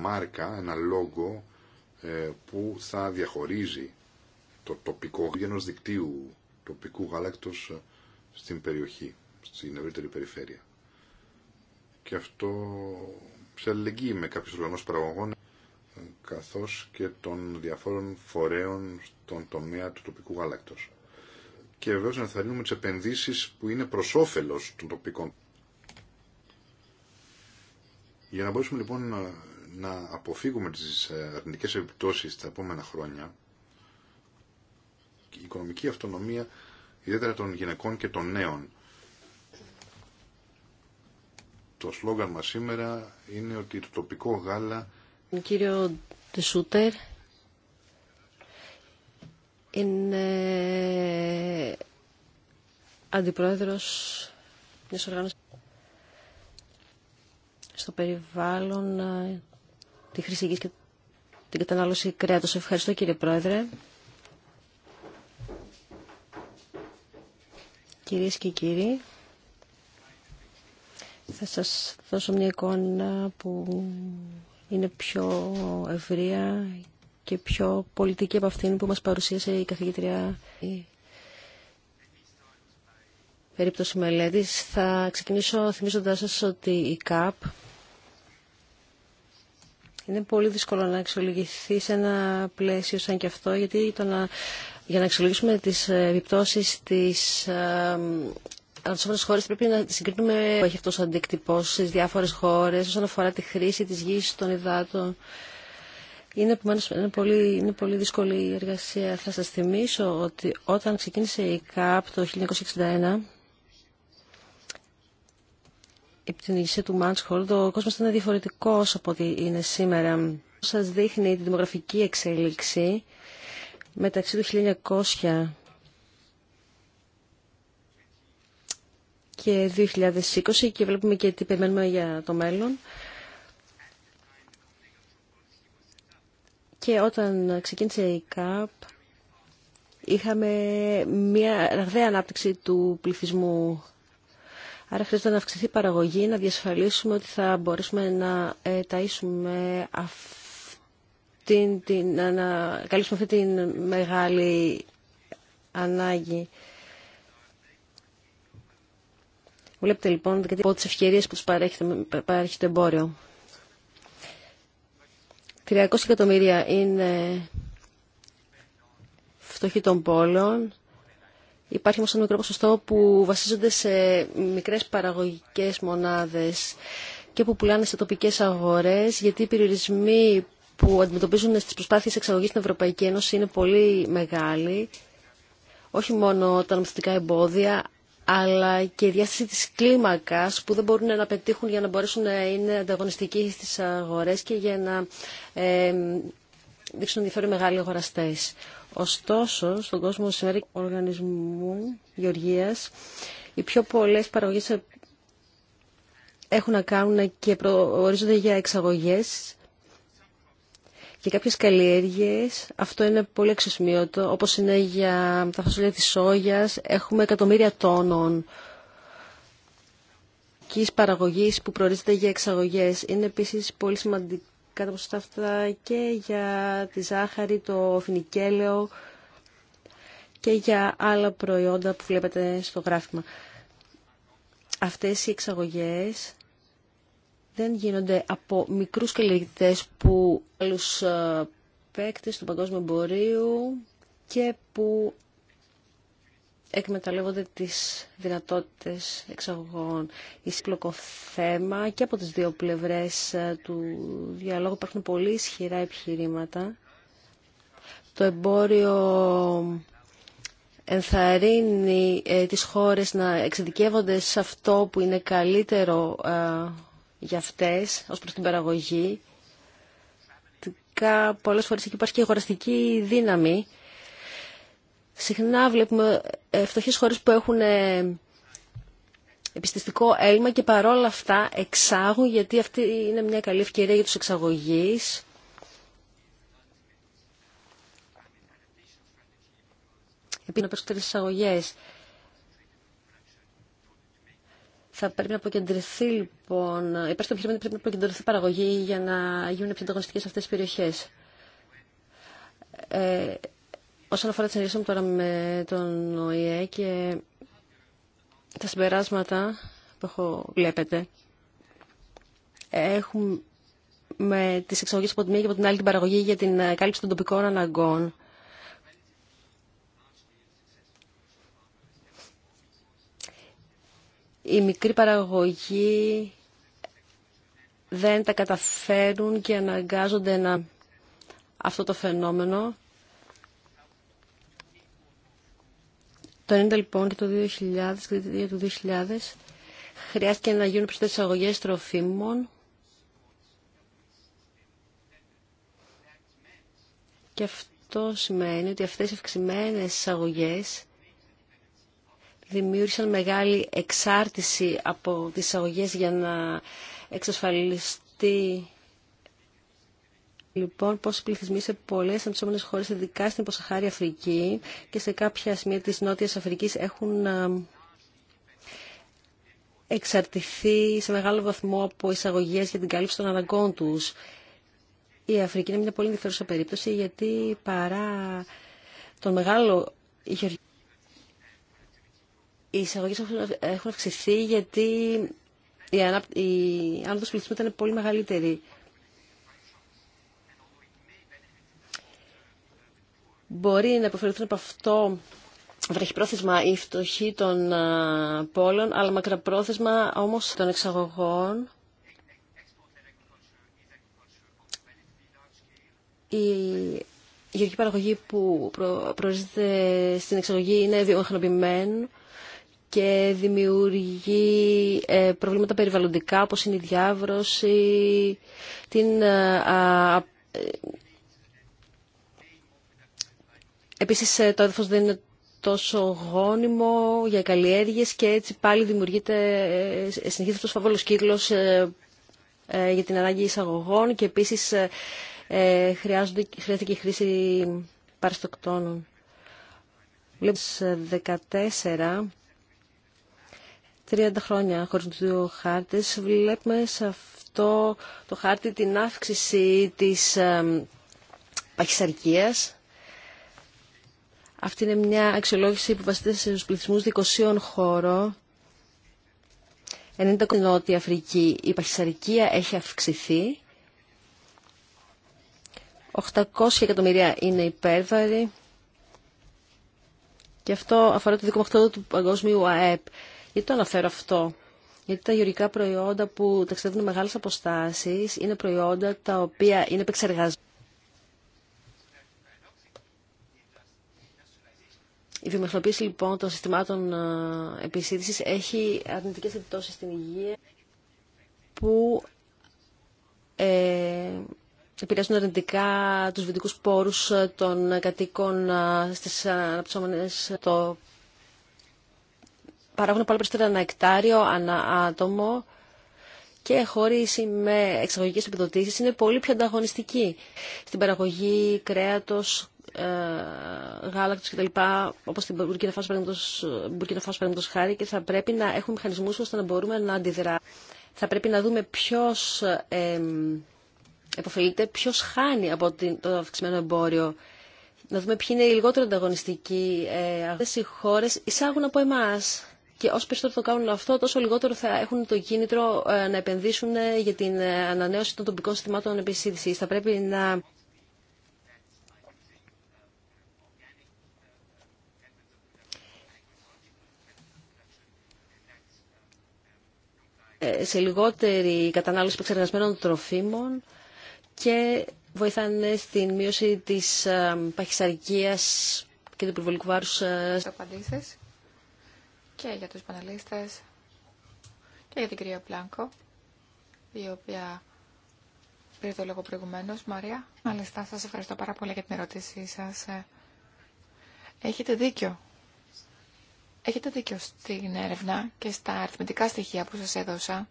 μάρκα, ένα λόγο ε, που θα διαχωρίζει το τοπικό γένος δικτύου τοπικού γάλακτος ε, στην περιοχή, στην ευρύτερη περιφέρεια. Και αυτό σε αλληλεγγύη με κάποιους παραγωγών ε, καθώς και των διαφόρων φορέων στον τομέα του τοπικού γάλακτος. Και βεβαίως να ενθαρρύνουμε τις επενδύσεις που είναι προς όφελος των τοπικών. Για να μπορέσουμε λοιπόν να αποφύγουμε τις ε, αρνητικές επιπτώσεις τα επόμενα χρόνια, οικονομική αυτονομία ιδιαίτερα των γυναικών και των νέων. Το σλόγγαν μας σήμερα είναι ότι το τοπικό γάλα... Κύριο Τσούτερ είναι αντιπρόεδρος μιας οργάνωσης στο περιβάλλον, ε, τη χρήση και την κατανάλωση κρέατος. Ευχαριστώ κύριε Πρόεδρε. Κυρίες και κύριοι, θα σας δώσω μια εικόνα που είναι πιο ευρεία και πιο πολιτική από αυτήν που μας παρουσίασε η καθηγήτρια περίπτωση Θα ξεκινήσω θυμίζοντάς σας ότι η ΚΑΠ είναι πολύ δύσκολο να εξολογηθεί σε ένα πλαίσιο σαν και αυτό, γιατί το να για να αξιολογήσουμε τις ε, επιπτώσεις τη αναπτυσσόμενες χώρε πρέπει να συγκρίνουμε που έχει αυτό ο αντίκτυπο στι διάφορε χώρε όσον αφορά τη χρήση τη γη των υδάτων. Είναι, επομένως, είναι, πολύ, είναι πολύ δύσκολη η εργασία. Θα σας θυμίσω ότι όταν ξεκίνησε η ΚΑΠ το 1961, η την ηγεσία του Μάντσχολτ, ο κόσμος ήταν διαφορετικός από ό,τι είναι σήμερα. Σας δείχνει τη δημογραφική εξέλιξη μεταξύ του 1900 και 2020 και βλέπουμε και τι περιμένουμε για το μέλλον. Και όταν ξεκίνησε η ΚΑΠ, είχαμε μια ραγδαία ανάπτυξη του πληθυσμού. Άρα χρειάζεται να αυξηθεί η παραγωγή, να διασφαλίσουμε ότι θα μπορέσουμε να ε, ταΐσουμε αυτό την την, να καλύψουμε αυτή την μεγάλη ανάγκη. Βλέπετε λοιπόν από τις ευκαιρίες που τους παρέχει το εμπόριο. 300 εκατομμύρια είναι φτωχοί των πόλεων. Υπάρχει όμως ένα μικρό ποσοστό που βασίζονται σε μικρές παραγωγικές μονάδες και που πουλάνε σε τοπικές αγορές, γιατί οι περιορισμοί που αντιμετωπίζουν στις προσπάθειες εξαγωγής στην Ευρωπαϊκή Ένωση είναι πολύ μεγάλη. Όχι μόνο τα νομιστικά εμπόδια, αλλά και η διάσταση της κλίμακας που δεν μπορούν να πετύχουν για να μπορέσουν να είναι ανταγωνιστικοί στις αγορές και για να ε, δείξουν ενδιαφέρον μεγάλοι αγοραστές. Ωστόσο, στον κόσμο σήμερα οργανισμού γεωργίας, οι πιο πολλές παραγωγές έχουν να κάνουν και προορίζονται για εξαγωγές για κάποιες καλλιέργειες αυτό είναι πολύ εξωσμίωτο, όπως είναι για τα φασολία της σόγιας. Έχουμε εκατομμύρια τόνων κοινωνικής παραγωγής που προορίζεται για εξαγωγές. Είναι επίσης πολύ σημαντικά τα ποσοστά αυτά και για τη ζάχαρη, το φινικέλαιο και για άλλα προϊόντα που βλέπετε στο γράφημα. Αυτές οι εξαγωγές δεν γίνονται από μικρούς καλλιεργητές που άλλους ε, παίκτες του παγκόσμιου εμπορίου και που εκμεταλλεύονται τις δυνατότητες εξαγωγών. Ισπλοκο θέμα και από τις δύο πλευρές ε, του διαλόγου υπάρχουν πολύ ισχυρά επιχειρήματα. Το εμπόριο ενθαρρύνει ε, τις χώρες να εξειδικεύονται σε αυτό που είναι καλύτερο για αυτές ως προς την παραγωγή. Πολλές φορές εκεί υπάρχει και αγοραστική δύναμη. Συχνά βλέπουμε ε, φτωχέ χώρες που έχουν ε, επιστηστικό έλλειμμα και παρόλα αυτά εξάγουν γιατί αυτή είναι μια καλή ευκαιρία για τους εξαγωγείς. Επίνω περισσότερες εισαγωγές. Θα πρέπει να αποκεντρωθεί λοιπόν, υπάρχει το επιχείρημα ότι πρέπει να αποκεντρωθεί παραγωγή για να γίνουν πιο ανταγωνιστικέ αυτέ τι περιοχέ. Ε, όσον αφορά τη συνεργασία μου τώρα με τον ΟΗΕ και τα συμπεράσματα που έχω, βλέπετε, έχουμε τις εξαγωγέ από τη μία και από την άλλη την παραγωγή για την ε, κάλυψη των τοπικών αναγκών. οι μικροί παραγωγοί δεν τα καταφέρουν και αναγκάζονται να αυτό το φαινόμενο. Το 90 λοιπόν και το 2000 το 2000 χρειάστηκε να γίνουν τις αγωγές τροφίμων και αυτό σημαίνει ότι αυτές οι αυξημένες αγωγές δημιούργησαν μεγάλη εξάρτηση από τις αγωγές για να εξασφαλιστεί Λοιπόν, πως πληθυσμοί σε πολλέ αντισόμενες χώρε, ειδικά στην Ποσαχάρη Αφρική και σε κάποια σημεία τη Νότια Αφρική, έχουν ε, εξαρτηθεί σε μεγάλο βαθμό από εισαγωγέ για την κάλυψη των αναγκών του. Η Αφρική είναι μια πολύ ενδιαφέρουσα περίπτωση γιατί παρά τον μεγάλο οι εισαγωγέ έχουν αυξηθεί γιατί η, ανα... η πληθυσμού ήταν πολύ μεγαλύτερη. Μπορεί να υποφερθούν από αυτό βραχυπρόθεσμα η φτωχή των πόλων, αλλά μακραπρόθεσμα όμως των εξαγωγών. Η γεωργική παραγωγή που προορίζεται στην εξαγωγή είναι βιοχρονοποιημένη και δημιουργεί ε, προβλήματα περιβαλλοντικά όπως είναι η διάβρωση, την ε, ε, Επίσης το έδαφος δεν είναι τόσο γόνιμο για καλλιέργειες και έτσι πάλι δημιουργείται, συνεχίζεται αυτός ο κύκλος για την ανάγκη εισαγωγών και επίσης χρειάζονται, χρειάζεται και η χρήση παραστοκτώνων. Βλέπεις 14 30 χρόνια χωρίς του χάρτη. Βλέπουμε σε αυτό το χάρτη την αύξηση της παχυσαρκίας. Αυτή είναι μια αξιολόγηση που βασίζεται στους πληθυσμούς 20 χώρων. 90 Νότια Αφρική η παχυσαρκία έχει αυξηθεί. 800 εκατομμυρία είναι υπέρβαροι. Και αυτό αφορά το 2,8 του παγκόσμιου ΑΕΠ. Γιατί το αναφέρω αυτό. Γιατί τα γεωργικά προϊόντα που ταξιδεύουν μεγάλες αποστάσεις είναι προϊόντα τα οποία είναι επεξεργασμένα. Η βιομηχανοποίηση λοιπόν των συστημάτων ε, επισήτησης έχει αρνητικές επιπτώσεις στην υγεία που ε, επηρεάζουν αρνητικά τους βυτικούς πόρους ε, των κατοίκων στις αναπτυσσόμενες το παράγουν πολύ περισσότερο ένα εκτάριο ανά άτομο και χωρίς με εξαγωγικές επιδοτήσεις είναι πολύ πιο ανταγωνιστική στην παραγωγή κρέατος, ε, γάλακτος κτλ. όπως στην Μπουρκίνα Φάσο παραδείγματος χάρη και θα πρέπει να έχουμε μηχανισμούς ώστε να μπορούμε να αντιδράσουμε. Θα πρέπει να δούμε ποιο ε, εποφελείται, ποιος χάνει από το αυξημένο εμπόριο. Να δούμε ποιοι είναι οι λιγότερο ανταγωνιστικοί. Ε, αυτές οι χώρες εισάγουν από εμάς. Και όσο περισσότερο το κάνουν αυτό, τόσο λιγότερο θα έχουν το κίνητρο ε, να επενδύσουν ε, για την ε, ανανέωση των τοπικών συστημάτων επισήτηση. Θα πρέπει να σε λιγότερη κατανάλωση επεξεργασμένων τροφίμων και βοηθάνε στην μείωση της παχυσαρκίας και του υπερβολικού βάρους και για τους πανελίστες και για την κυρία Πλάνκο, η οποία πήρε το λόγο Μαρία, μάλιστα, σας ευχαριστώ πάρα πολύ για την ερώτησή σας. Ε, έχετε δίκιο. Έχετε δίκιο στην έρευνα και στα αριθμητικά στοιχεία που σας έδωσα.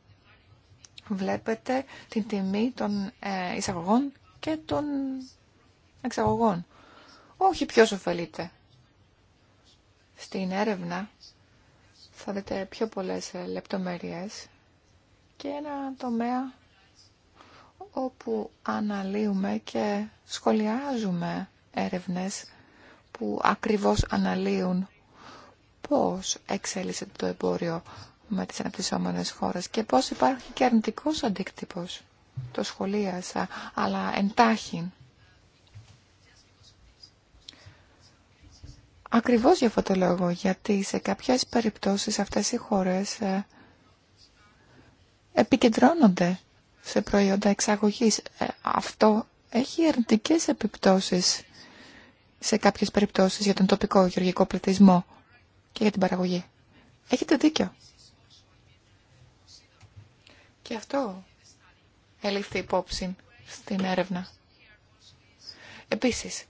Βλέπετε την τιμή των ε, εισαγωγών και των εξαγωγών. Όχι ποιος ωφελείται. Στην έρευνα θα δείτε πιο πολλές ε, λεπτομέρειες και ένα τομέα όπου αναλύουμε και σχολιάζουμε έρευνες που ακριβώς αναλύουν πώς εξέλιξε το εμπόριο με τις αναπτυσσόμενες χώρες και πώς υπάρχει και αρνητικός αντίκτυπος. Το σχολίασα, αλλά εντάχει Ακριβώς για αυτό το λόγο, γιατί σε κάποιες περιπτώσεις αυτές οι χώρες ε, επικεντρώνονται σε προϊόντα εξαγωγής. Ε, αυτό έχει αρνητικέ επιπτώσεις σε κάποιες περιπτώσεις για τον τοπικό γεωργικό πληθυσμό και για την παραγωγή. Έχετε δίκιο. Και αυτό έληφθη υπόψη στην έρευνα. Επίσης,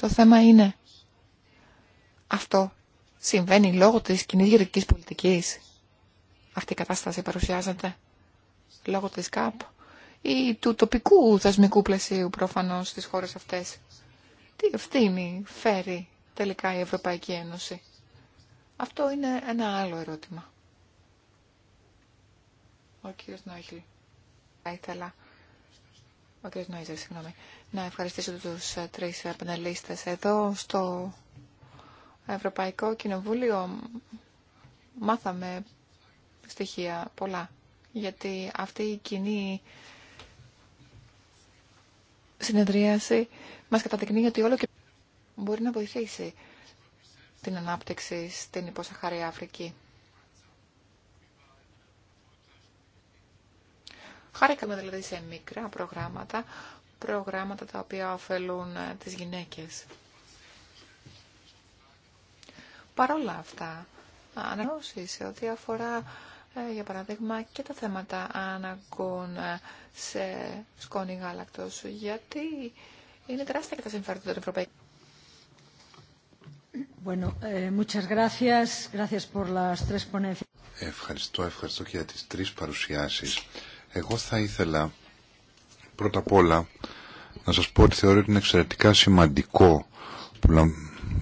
Το θέμα είναι αυτό συμβαίνει λόγω της κοινή πολιτικής. Αυτή η κατάσταση παρουσιάζεται λόγω της ΚΑΠ ή του τοπικού θεσμικού πλαισίου προφανώς στις χώρες αυτές. Τι ευθύνη φέρει τελικά η Ευρωπαϊκή Ένωση. Αυτό είναι ένα άλλο ερώτημα. Ο κύριος Νόιχλ. Θα ήθελα... Ο κύριος Νόιζερ, συγγνώμη να ευχαριστήσω τους ε, τρεις ε, πανελίστες εδώ στο Ευρωπαϊκό Κοινοβούλιο. Μάθαμε στοιχεία πολλά, γιατί αυτή η κοινή συνεδρίαση μας καταδεικνύει ότι όλο και μπορεί να βοηθήσει την ανάπτυξη στην υποσαχαρή Αφρική. Χάρηκαμε δηλαδή σε μικρά προγράμματα προγράμματα τα οποία ωφελούν ε, τις γυναίκες. Παρόλα αυτά, αναγνώσει σε ό,τι αφορά, ε, για παράδειγμα, και τα θέματα αναγκών ε, σε σκόνη γάλακτος, γιατί είναι τεράστια και τα συμφέροντα των Ευρωπαϊκών. Ευχαριστώ, ευχαριστώ και για τις τρεις παρουσιάσεις. Εγώ θα ήθελα Πρώτα απ' όλα, να σας πω ότι θεωρώ ότι είναι εξαιρετικά σημαντικό που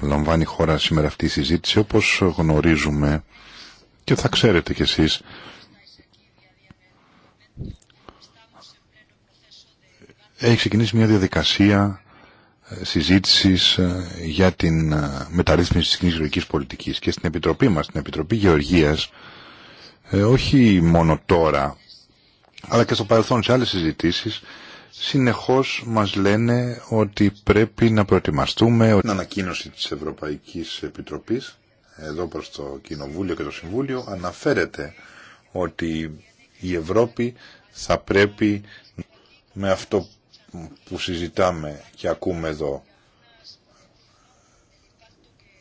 λαμβάνει η χώρα σήμερα αυτή η συζήτηση, όπως γνωρίζουμε και θα ξέρετε κι εσείς. Έχει ξεκινήσει μια διαδικασία ε, συζήτησης ε, για την ε, μεταρρύθμιση της κοινής πολιτικής και στην Επιτροπή μας, στην Επιτροπή Γεωργίας, όχι μόνο τώρα αλλά και στο παρελθόν σε άλλες συζητήσεις, συνεχώς μας λένε ότι πρέπει να προετοιμαστούμε. Την ανακοίνωση της Ευρωπαϊκής Επιτροπής, εδώ προς το Κοινοβούλιο και το Συμβούλιο, αναφέρεται ότι η Ευρώπη θα πρέπει με αυτό που συζητάμε και ακούμε εδώ,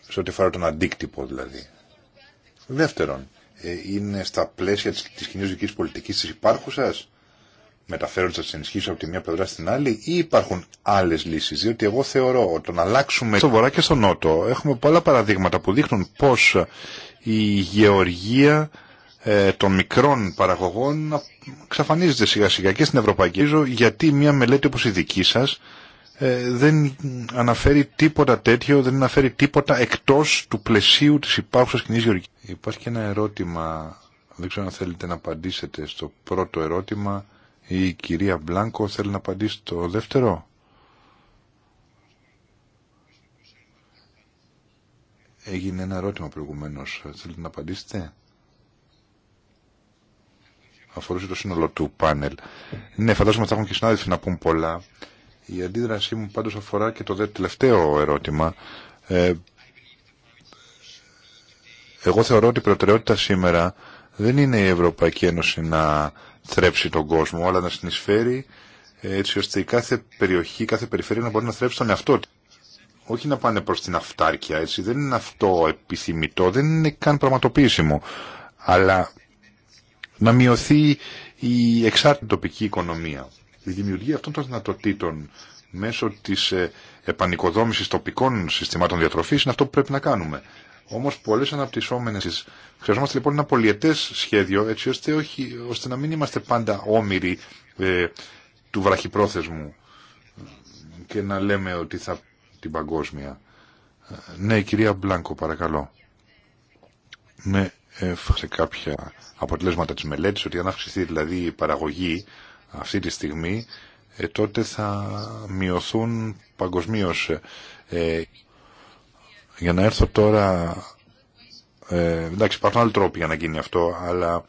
σε ό,τι φορά τον αντίκτυπο δηλαδή. Δεύτερον, ε, είναι στα πλαίσια της κοινή δικής πολιτικής της υπάρχουσας, μεταφέροντας τις ενισχύσεις από τη μία πλευρά στην άλλη, ή υπάρχουν άλλες λύσεις, διότι εγώ θεωρώ ότι να αλλάξουμε στο βορρά και στο νότο, έχουμε πολλά παραδείγματα που δείχνουν πως η γεωργία ε, των μικρών παραγωγών ξαφανίζεται σιγά σιγά και στην Ευρωπαϊκή γιατί μια μελέτη όπως η δική σας ε, δεν αναφέρει τίποτα τέτοιο, δεν αναφέρει τίποτα εκτός του πλαισίου της υπάρχουσας κοινή γεωργικής. Υπάρχει ένα ερώτημα, δεν ξέρω αν θέλετε να απαντήσετε στο πρώτο ερώτημα. Η κυρία Μπλάνκο θέλει να απαντήσει το δεύτερο. Έγινε ένα ερώτημα προηγουμένως. Θέλετε να απαντήσετε. Αφορούσε το σύνολο του πάνελ. Ναι, φαντάζομαι θα έχουν και συνάδελφοι να πούν πολλά. Η αντίδρασή μου πάντως αφορά και το τελευταίο ερώτημα. Ε, εγώ θεωρώ ότι η προτεραιότητα σήμερα δεν είναι η Ευρωπαϊκή Ένωση να θρέψει τον κόσμο, αλλά να συνεισφέρει ε, έτσι ώστε η κάθε περιοχή, κάθε περιφέρεια να μπορεί να θρέψει τον εαυτό της. Όχι να πάνε προς την αυτάρκεια, έτσι. Δεν είναι αυτό επιθυμητό, δεν είναι καν πραγματοποιήσιμο. Αλλά να μειωθεί η εξάρτητη τοπική οικονομία η δημιουργία αυτών των δυνατοτήτων μέσω της ε, επανικοδόμησης τοπικών συστημάτων διατροφής είναι αυτό που πρέπει να κάνουμε. Όμως πολλές αναπτυσσόμενες χρειαζόμαστε λοιπόν ένα πολιετές σχέδιο έτσι ώστε, όχι, ώστε να μην είμαστε πάντα όμοιροι ε, του βραχυπρόθεσμου και να λέμε ότι θα την παγκόσμια. Ε, ναι, κυρία Μπλάνκο, παρακαλώ. Ναι, έφερε κάποια αποτελέσματα της μελέτης ότι αν αυξηθεί δηλαδή η παραγωγή αυτή τη στιγμή, ε, τότε θα μειωθούν παγκοσμίω. Ε, για να έρθω τώρα... Ε, εντάξει, υπάρχουν άλλοι τρόποι για να γίνει αυτό, αλλά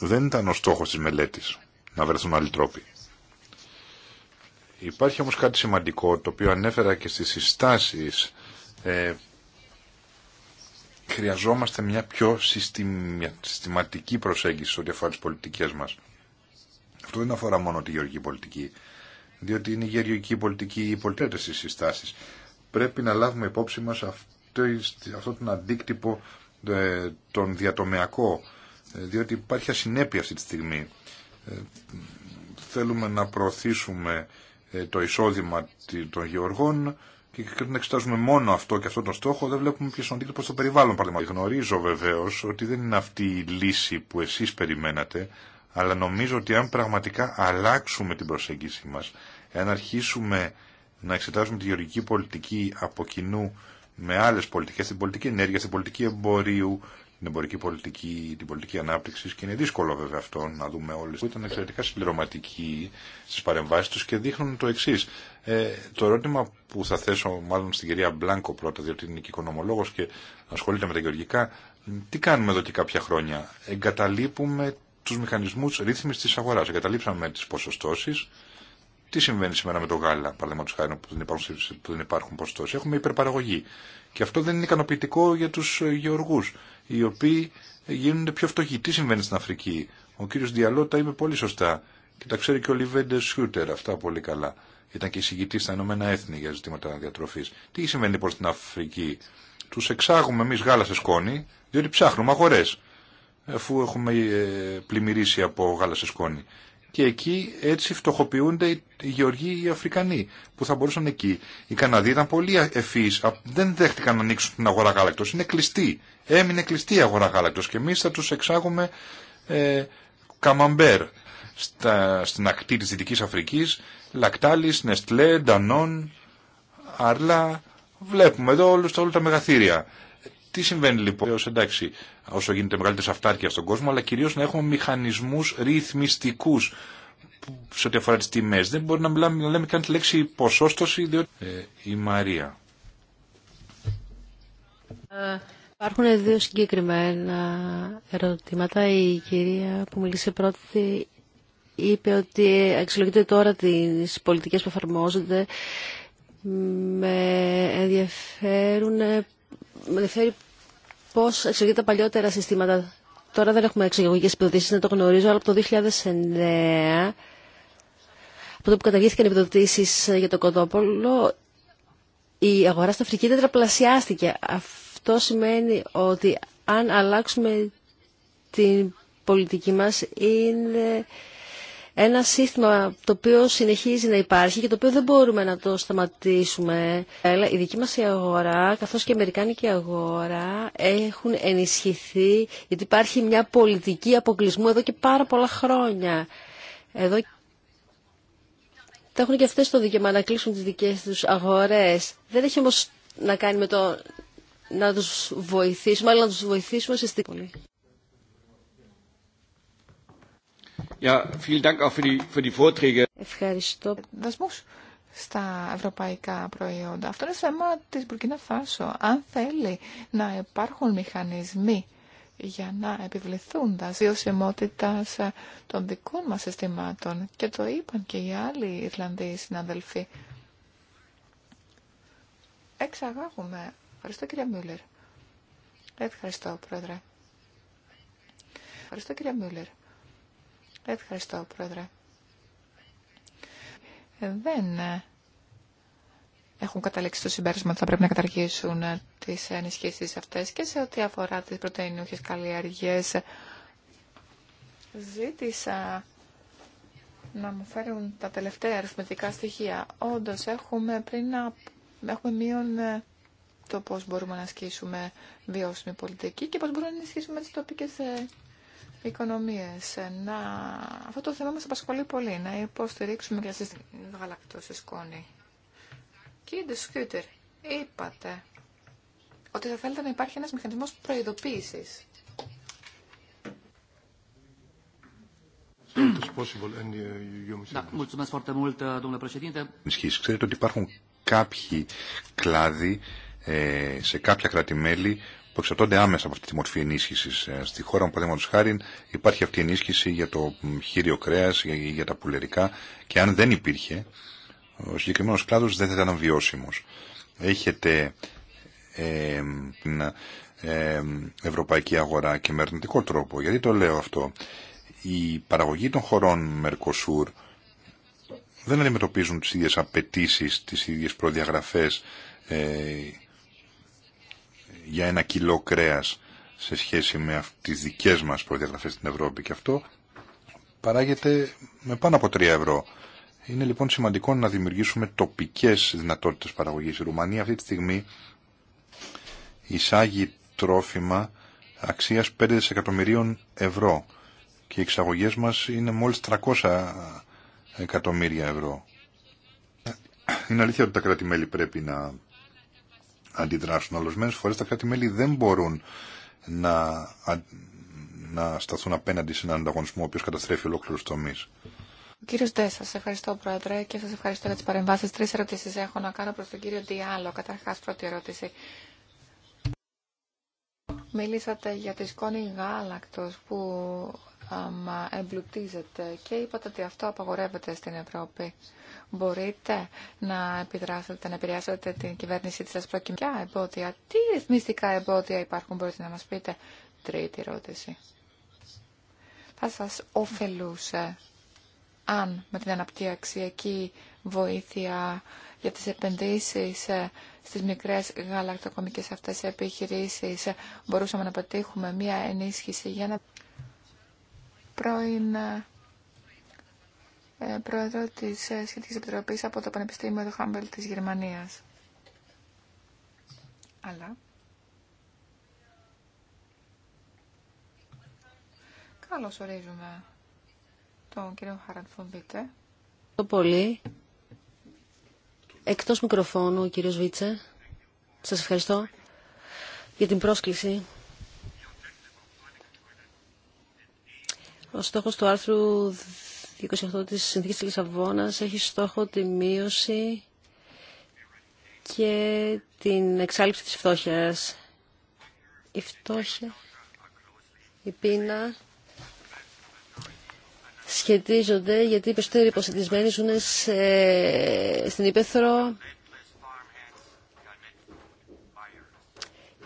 δεν ήταν ο στόχος της μελέτης να βρεθούν άλλοι τρόποι. Υπάρχει όμως κάτι σημαντικό, το οποίο ανέφερα και στις συστάσεις ε, χρειαζόμαστε μια πιο συστηματική προσέγγιση ότι αφορά τι πολιτικές μας. Αυτό δεν αφορά μόνο τη γεωργική πολιτική, διότι είναι η γεωργική πολιτική οι πολιτέτες τη συστάσεις. Πρέπει να λάβουμε υπόψη μας αυτό, αυτό τον αντίκτυπο ε, τον διατομεακό, ε, διότι υπάρχει ασυνέπεια αυτή τη στιγμή. Ε, θέλουμε να προωθήσουμε το εισόδημα των γεωργών, και να εξετάζουμε μόνο αυτό και αυτόν τον στόχο, δεν βλέπουμε ποιο είναι ο αντίκτυπο στο περιβάλλον. Παραδείγματο. Γνωρίζω βεβαίω ότι δεν είναι αυτή η λύση που εσεί περιμένατε, αλλά νομίζω ότι αν πραγματικά αλλάξουμε την προσέγγιση μα, εάν αρχίσουμε να εξετάζουμε τη γεωργική πολιτική από κοινού με άλλε πολιτικέ, την πολιτική ενέργεια, την πολιτική εμπορίου, την εμπορική πολιτική, την πολιτική ανάπτυξη και είναι δύσκολο βέβαια αυτό να δούμε όλε. Ήταν εξαιρετικά συμπληρωματικοί στι παρεμβάσει του και δείχνουν το εξή. Ε, το ερώτημα που θα θέσω μάλλον στην κυρία Μπλάνκο πρώτα, διότι είναι και οικονομολόγο και ασχολείται με τα γεωργικά, τι κάνουμε εδώ και κάποια χρόνια. Εγκαταλείπουμε του μηχανισμού ρύθμιση τη αγορά. Εγκαταλείψαμε τι ποσοστώσει. Τι συμβαίνει σήμερα με το γάλα, παραδείγματο χάρη, που δεν υπάρχουν, υπάρχουν ποσοστώσει. Έχουμε υπερπαραγωγή. Και αυτό δεν είναι ικανοποιητικό για τους ε, γεωργούς, οι οποίοι γίνονται πιο φτωχοί. Τι συμβαίνει στην Αφρική. Ο κύριος τα είπε πολύ σωστά και τα ξέρει και ο Λιβέντε Σιούτερ αυτά πολύ καλά. Ήταν και εισηγητή στα Ηνωμένα Έθνη για ζητήματα διατροφή. Τι συμβαίνει λοιπόν στην Αφρική. Του εξάγουμε εμεί γάλα σε σκόνη, διότι ψάχνουμε αγορέ, αφού έχουμε ε, πλημμυρίσει από γάλα σε σκόνη και εκεί έτσι φτωχοποιούνται οι Γεωργοί οι Αφρικανοί που θα μπορούσαν εκεί. Οι Καναδοί ήταν πολύ ευφύ, δεν δέχτηκαν να ανοίξουν την αγορά γάλακτο. Είναι κλειστή. Έμεινε κλειστή η αγορά γάλακτο και εμεί θα του εξάγουμε ε, καμαμπέρ στα, στην ακτή τη Δυτική Αφρική, Λακτάλη, Νεστλέ, Ντανόν, Αρλά. Βλέπουμε εδώ όλα τα μεγαθύρια. Τι συμβαίνει λοιπόν, εντάξει, όσο γίνεται μεγαλύτερη αυτάρκεια στον κόσμο, αλλά κυρίω να έχουμε μηχανισμού ρυθμιστικού σε ό,τι αφορά τι τιμέ. Δεν μπορεί να, μιλάμε, να λέμε καν τη λέξη ποσόστοση, διότι. Ε, η Μαρία. Ε, υπάρχουν δύο συγκεκριμένα ερωτήματα. Η κυρία που μίλησε πρώτη είπε ότι αξιολογείται τώρα τι πολιτικέ που εφαρμόζονται. Με ενδιαφέρουν με ενδιαφέρει πώ εξηγείται τα παλιότερα συστήματα. Τώρα δεν έχουμε εξαγωγικέ επιδοτήσει, να το γνωρίζω, αλλά από το 2009, από το που καταργήθηκαν οι επιδοτήσει ε, για το κοντόπολο, η αγορά στην Αφρική τετραπλασιάστηκε. Αυτό σημαίνει ότι αν αλλάξουμε την πολιτική μας είναι ένα σύστημα το οποίο συνεχίζει να υπάρχει και το οποίο δεν μπορούμε να το σταματήσουμε. Η δική μας η αγορά, καθώς και η Αμερικάνικη αγορά, έχουν ενισχυθεί γιατί υπάρχει μια πολιτική αποκλεισμού εδώ και πάρα πολλά χρόνια. Εδώ τα έχουν και αυτές το δικαίωμα να κλείσουν τις δικές τους αγορές. Δεν έχει όμως να κάνει με το να τους βοηθήσουμε, αλλά να τους βοηθήσουμε συστηματικά. Ευχαριστώ. Δασμού στα ευρωπαϊκά προϊόντα. Αυτό είναι θέμα τη Μπουρκίνα Φάσο. Αν θέλει να υπάρχουν μηχανισμοί για να επιβληθούν τα ζωσιμότητα των δικών μα συστημάτων. Και το είπαν και οι άλλοι Ιρλανδοί συναδελφοί. Εξαγάγουμε. Ευχαριστώ κύριε Μιούλερ. Ευχαριστώ πρόεδρε. Ευχαριστώ κύριε Μιούλερ. Ευχαριστώ, Πρόεδρε. Ε, δεν ε, έχουν καταλήξει το συμπέρασμα ότι θα πρέπει να καταργήσουν ε, τις ενισχύσει αυτές και σε ό,τι αφορά τις πρωτεϊνούχες καλλιεργίες. Ζήτησα να μου φέρουν τα τελευταία αριθμητικά στοιχεία. Όντως έχουμε πριν να έχουμε μείον το πώς μπορούμε να ασκήσουμε βιώσιμη πολιτική και πώς μπορούμε να ενισχύσουμε τις τοπικές οικονομίες. Να... Αυτό το θέμα μας απασχολεί πολύ, να υποστηρίξουμε και στις γαλακτώσεις σκόνη. Κύριε Σκούτερ, είπατε ότι θα θέλετε να υπάρχει ένας μηχανισμός προειδοποίησης. Uh, uh, ξέρετε ότι υπάρχουν κάποιοι κλάδοι ε, σε κάποια κράτη-μέλη που εξαρτώνται άμεσα από αυτή τη μορφή ενίσχυση. Ε, στη χώρα μου, παραδείγματο χάρη, υπάρχει αυτή η ενίσχυση για το χείριο κρέα, για, για τα πουλερικά και αν δεν υπήρχε, ο συγκεκριμένο κλάδο δεν θα ήταν βιώσιμο. Έχετε ε, την ε, ευρωπαϊκή αγορά και με αρνητικό τρόπο. Γιατί το λέω αυτό. Η παραγωγή των χωρών Μερκοσούρ δεν αντιμετωπίζουν τις ίδιες απαιτήσει, τις ίδιες προδιαγραφές ε, για ένα κιλό κρέας σε σχέση με τις δικές μας προδιαγραφές στην Ευρώπη και αυτό παράγεται με πάνω από 3 ευρώ. Είναι λοιπόν σημαντικό να δημιουργήσουμε τοπικές δυνατότητες παραγωγής. Η Ρουμανία αυτή τη στιγμή εισάγει τρόφιμα αξίας 5 δισεκατομμυρίων ευρώ και οι εξαγωγές μας είναι μόλις 300 εκατομμύρια ευρώ. Είναι αλήθεια ότι τα κράτη-μέλη πρέπει να αντιδράσουν. Ολοσμένες φορέ, τα κράτη-μέλη δεν μπορούν να, να σταθούν απέναντι σε έναν ανταγωνισμό ο οποίο καταστρέφει ολόκληρου τομεί. Κύριο Ντέ, σα ευχαριστώ, Πρόεδρε, και σα ευχαριστώ για τι παρεμβάσει. Τρει ερωτήσει έχω να κάνω προ τον κύριο Ντιάλο, Καταρχά, πρώτη ερώτηση. Μιλήσατε για τη σκόνη γάλακτος που εμπλουτίζεται και είπατε ότι αυτό απαγορεύεται στην Ευρώπη. Μπορείτε να επιδράσετε, να επηρεάσετε την κυβέρνησή της προκειμένου. Ποια εμπόδια, τι ρυθμιστικά εμπόδια υπάρχουν, μπορείτε να μας πείτε. Τρίτη ερώτηση. Θα σας ωφελούσε αν με την αναπτυξιακή βοήθεια για τις επενδύσεις ε, στις μικρές γαλακτοκομικές αυτές επιχειρήσεις ε, μπορούσαμε να πετύχουμε μία ενίσχυση για να πρώην ε, πρόεδρο της ε, Σχετικής Επιτροπής από το Πανεπιστήμιο του Χάμπελ της Γερμανίας. Αλλά... Καλώς ορίζουμε τον κύριο Χαραντφον Βίτσε. Το πολύ. Εκτός μικροφώνου, κύριο κύριος Βίτσε. Σας ευχαριστώ για την πρόσκληση Ο στόχο του άρθρου 28 τη Συνθήκης της Λισαβόνα έχει στόχο τη μείωση και την εξάλληψη της φτώχειας. Η φτώχεια, η πείνα σχετίζονται γιατί οι περισσότεροι υποσυντισμένοι ζουν στην Ήπεθρο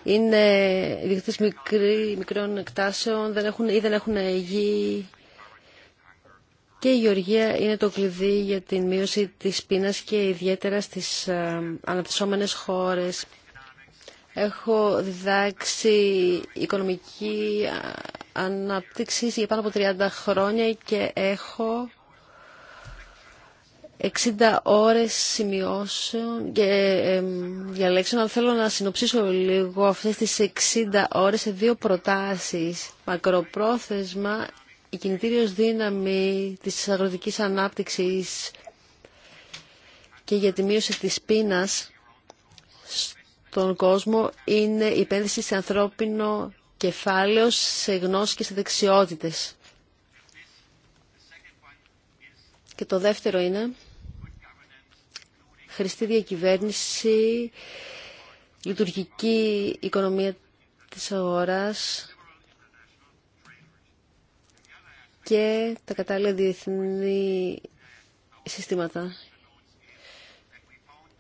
είναι ιδιοκτήτες μικρή, μικρών εκτάσεων δεν έχουν, ή δεν έχουν γη. Και η γεωργία είναι το κλειδί για την μείωση της πείνας και ιδιαίτερα στις αναπτυσσόμενες χώρες. Έχω διδάξει οικονομική ανάπτυξη για πάνω από 30 χρόνια και έχω 60 ώρες σημειώσεων και διαλέξεων, αλλά θέλω να συνοψίσω λίγο αυτές τις 60 ώρες σε δύο προτάσεις. Μακροπρόθεσμα, η κινητήριος δύναμη της αγροτικής ανάπτυξης και για τη μείωση της πείνας στον κόσμο είναι η επένδυση σε ανθρώπινο κεφάλαιο, σε γνώση και σε δεξιότητες. Και το δεύτερο είναι χρηστή διακυβέρνηση, λειτουργική οικονομία της αγοράς και τα κατάλληλα διεθνή συστήματα.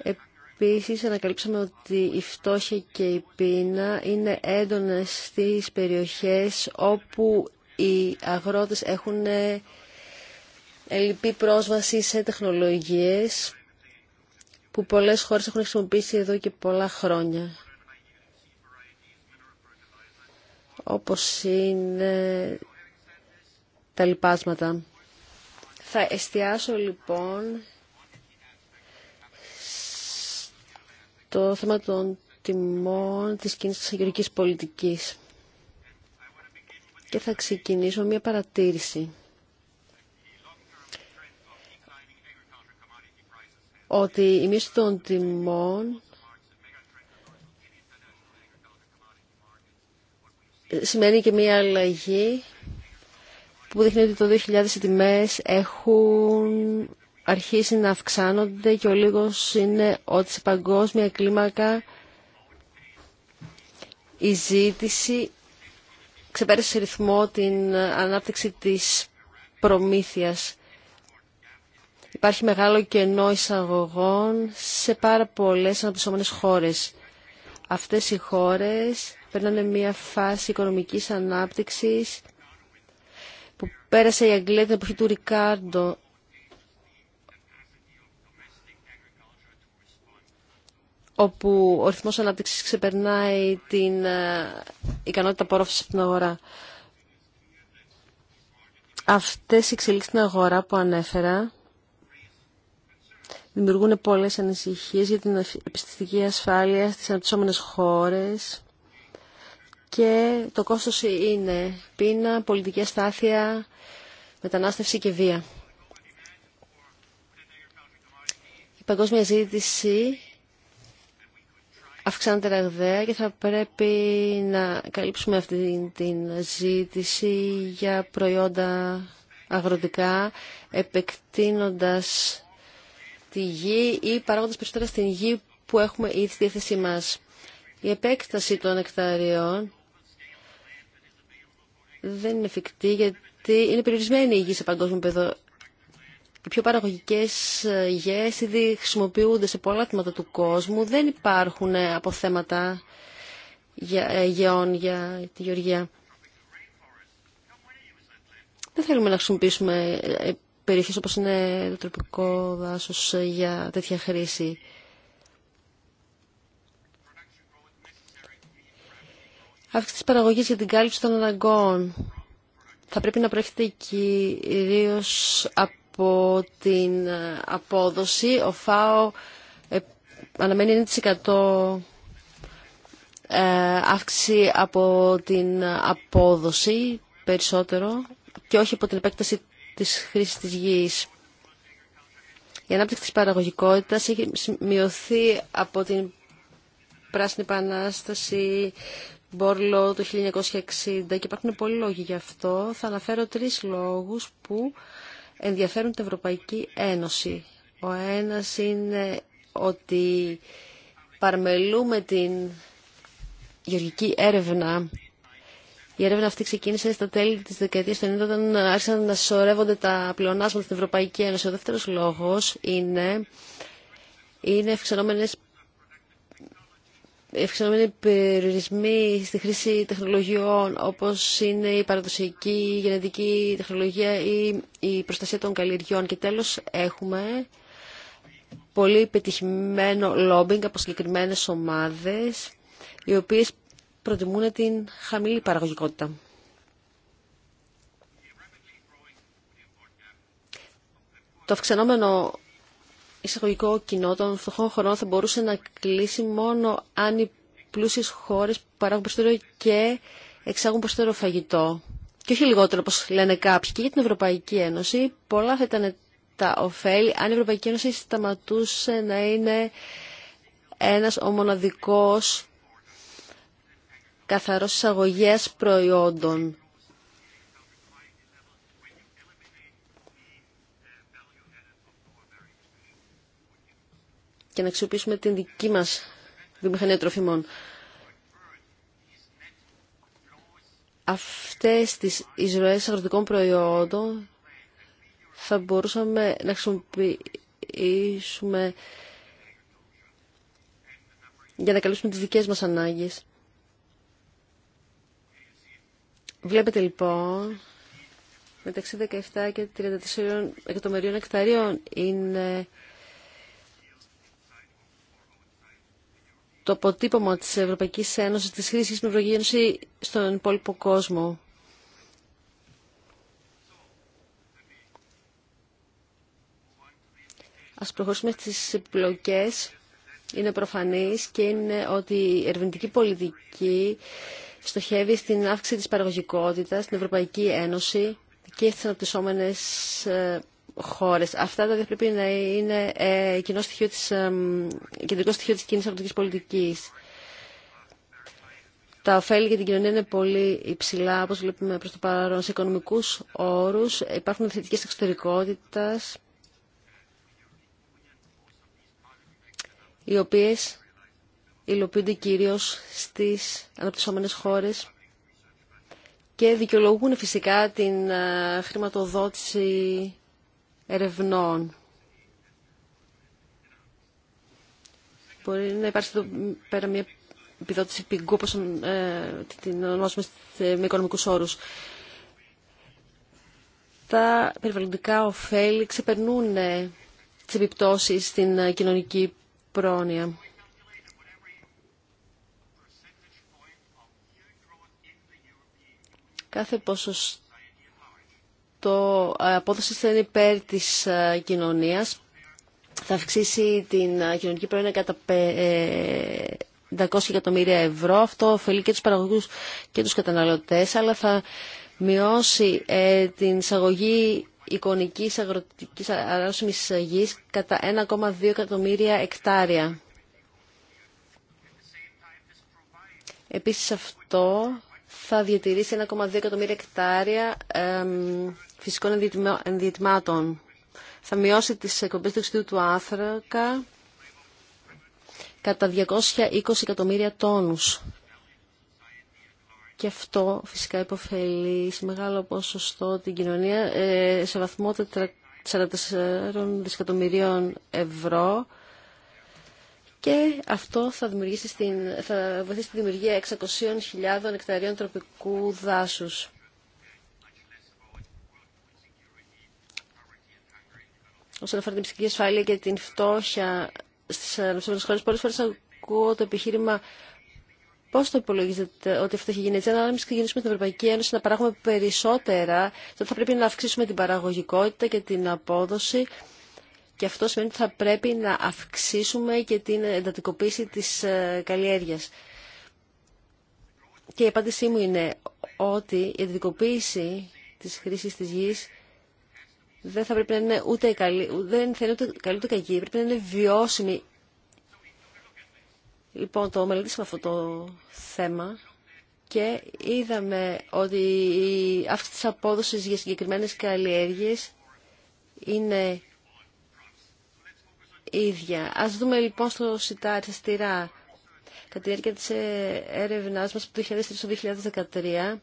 Επίσης ανακαλύψαμε ότι η φτώχεια και η πείνα είναι έντονες στις περιοχές όπου οι αγρότες έχουν ε, ελλειπή πρόσβαση σε τεχνολογίες που πολλές χώρες έχουν χρησιμοποιήσει εδώ και πολλά χρόνια. Όπως είναι τα λοιπάσματα. Θα εστιάσω λοιπόν το θέμα των τιμών της κίνησης της αγγελικής πολιτικής. Και θα ξεκινήσω μια παρατήρηση. ότι η μείωση των τιμών σημαίνει και μία αλλαγή που δείχνει ότι το 2000 οι τιμές έχουν αρχίσει να αυξάνονται και ο λίγος είναι ότι σε παγκόσμια κλίμακα η ζήτηση ξεπέρασε σε ρυθμό την ανάπτυξη της προμήθειας. Υπάρχει μεγάλο κενό εισαγωγών σε πάρα πολλές αναπτυσσόμενες χώρες. Αυτές οι χώρες περνάνε μια φάση οικονομικής ανάπτυξης που πέρασε η Αγγλία την εποχή του Ρικάρντο όπου ο ρυθμός ανάπτυξης ξεπερνάει την ε, ικανότητα απορρόφησης από την αγορά. Αυτές οι εξελίξεις στην αγορά που ανέφερα δημιουργούν πολλές ανησυχίες για την επιστημική ασφάλεια στις αναπτυσσόμενες χώρες και το κόστος είναι πείνα, πολιτική αστάθεια, μετανάστευση και βία. Η παγκόσμια ζήτηση αυξάνεται ραγδαία και θα πρέπει να καλύψουμε αυτή την ζήτηση για προϊόντα αγροτικά, επεκτείνοντας τη γη ή παράγοντας περισσότερα στην γη που έχουμε ήδη στη διάθεσή μας. Η επέκταση των εκταριών δεν είναι εφικτή γιατί είναι περιορισμένη η γη σε παγκόσμιο πεδίο. Οι πιο παραγωγικές γης ήδη χρησιμοποιούνται σε πολλά τμήματα του κόσμου. Δεν υπάρχουν αποθέματα ε, γεών για τη γεωργία. Δεν θέλουμε να χρησιμοποιήσουμε ε, περιοχές όπως είναι το τροπικό δάσος για τέτοια χρήση. Αύξηση τη παραγωγή για την κάλυψη των αναγκών θα πρέπει να προέρχεται κυρίω από την απόδοση. Ο ΦΑΟ ε, αναμένει 9% ε, αύξηση από την απόδοση περισσότερο και όχι από την επέκταση της χρήσης της γης. Η ανάπτυξη της παραγωγικότητας έχει μειωθεί από την Πράσινη Επανάσταση Μπόρλο το 1960 και υπάρχουν πολλοί λόγοι γι' αυτό. Θα αναφέρω τρεις λόγους που ενδιαφέρουν την Ευρωπαϊκή Ένωση. Ο ένας είναι ότι παρμελούμε την γεωργική έρευνα η έρευνα αυτή ξεκίνησε στα τέλη τη δεκαετία του 90 όταν άρχισαν να σωρεύονται τα πλεονάσματα στην Ευρωπαϊκή Ένωση. Ο δεύτερο λόγο είναι, είναι ευξενόμενοι περιορισμοί στη χρήση τεχνολογιών όπως είναι η παραδοσιακή η γενετική τεχνολογία ή η προστασία των καλλιεργιών. Και τέλος έχουμε πολύ πετυχημένο λόμπινγκ από συγκεκριμένε ομάδες οι οποίες προτιμούν την χαμηλή παραγωγικότητα. Το αυξανόμενο εισαγωγικό κοινό των φτωχών χωρών θα μπορούσε να κλείσει μόνο αν οι πλούσιες χώρες παράγουν περισσότερο και εξάγουν περισσότερο φαγητό. Και όχι λιγότερο, όπω λένε κάποιοι, και για την Ευρωπαϊκή Ένωση. Πολλά θα ήταν τα ωφέλη αν η Ευρωπαϊκή Ένωση σταματούσε να είναι ένας ο μοναδικός καθαρός εισαγωγές προϊόντων. και να αξιοποιήσουμε την δική μας βιομηχανία τροφιμών. Αυτές τις εισρωές αγροτικών προϊόντων θα μπορούσαμε να χρησιμοποιήσουμε για να καλύψουμε τις δικές μας ανάγκες. Βλέπετε λοιπόν, μεταξύ 17 και 34 εκατομμυρίων εκταρίων είναι το αποτύπωμα της Ευρωπαϊκής Ένωσης, της χρήσης με στον υπόλοιπο κόσμο. Ας προχωρήσουμε στις επιλογές. Είναι προφανής και είναι ότι η ερευνητική πολιτική στοχεύει στην αύξηση της παραγωγικότητας στην Ευρωπαϊκή Ένωση και στις αναπτυσσόμενες ε, χώρες. Αυτά τα πρέπει να είναι ε, κοινό στοιχείο της, ε, κεντρικό στοιχείο της κοινής αγροτικής πολιτικής. Τα ωφέλη για την κοινωνία είναι πολύ υψηλά, όπως βλέπουμε προς το παρόν, σε οικονομικούς όρους. Υπάρχουν θετικές εξωτερικότητας, οι οποίες υλοποιούνται κυρίως στις αναπτυσσόμενες χώρες και δικαιολογούν φυσικά την ε, χρηματοδότηση ερευνών. Μπορεί να υπάρξει εδώ πέρα μια επιδότηση πιγκού, όπως ε, την ονομάζουμε με οικονομικούς όρους. Τα περιβαλλοντικά ωφέλη ξεπερνούν ε, τις επιπτώσεις στην κοινωνική πρόνοια. κάθε ποσοστό απόδοση θα είναι υπέρ της ε, κοινωνίας. Θα αυξήσει την ε, κοινωνική πρόνοια κατά 500 ε, εκατομμύρια ευρώ. Αυτό ωφελεί και τους παραγωγούς και τους καταναλωτές, αλλά θα μειώσει την εισαγωγή εικονικής αγροτικής αρρώσιμης γης κατά 1,2 εκατομμύρια εκτάρια. Επίσης αυτό θα διατηρήσει 1,2 εκατομμύρια εκτάρια φυσικών ενδιατημάτων. Θα μειώσει τις εκπομπές του του άνθρακα κατά 220 εκατομμύρια τόνους. Και αυτό φυσικά υποφελεί σε μεγάλο ποσοστό την κοινωνία ε, σε βαθμό 44 δισεκατομμυρίων ευρώ και αυτό θα, δημιουργήσει στην, θα βοηθήσει τη δημιουργία 600.000 εκταρίων τροπικού δάσους. Όσον αφορά την ψυχική ασφάλεια και την φτώχεια στις αναπτυσσόμενες ε, χώρες, πολλές φορές ακούω το επιχείρημα Πώ το υπολογίζετε ότι αυτό έχει γίνει έτσι, αν εμεί ξεκινήσουμε την Ευρωπαϊκή Ένωση να παράγουμε περισσότερα, τότε θα πρέπει να αυξήσουμε την παραγωγικότητα και την απόδοση και αυτό σημαίνει ότι θα πρέπει να αυξήσουμε και την εντατικοποίηση της ε, καλλιέργειας. Και η απάντησή μου είναι ότι η εντατικοποίηση της χρήσης της γης δεν θα πρέπει να είναι ούτε καλή, δεν ούτε καλή κακή, πρέπει να είναι βιώσιμη. Λοιπόν, το μελετήσαμε αυτό το θέμα και είδαμε ότι η τη απόδοση για συγκεκριμένες καλλιέργειες είναι ίδια. Ας δούμε λοιπόν στο σιτάρι, στη στηρά. Κατά τη διάρκεια της ε, έρευνάς μας από το 2003 στο 2013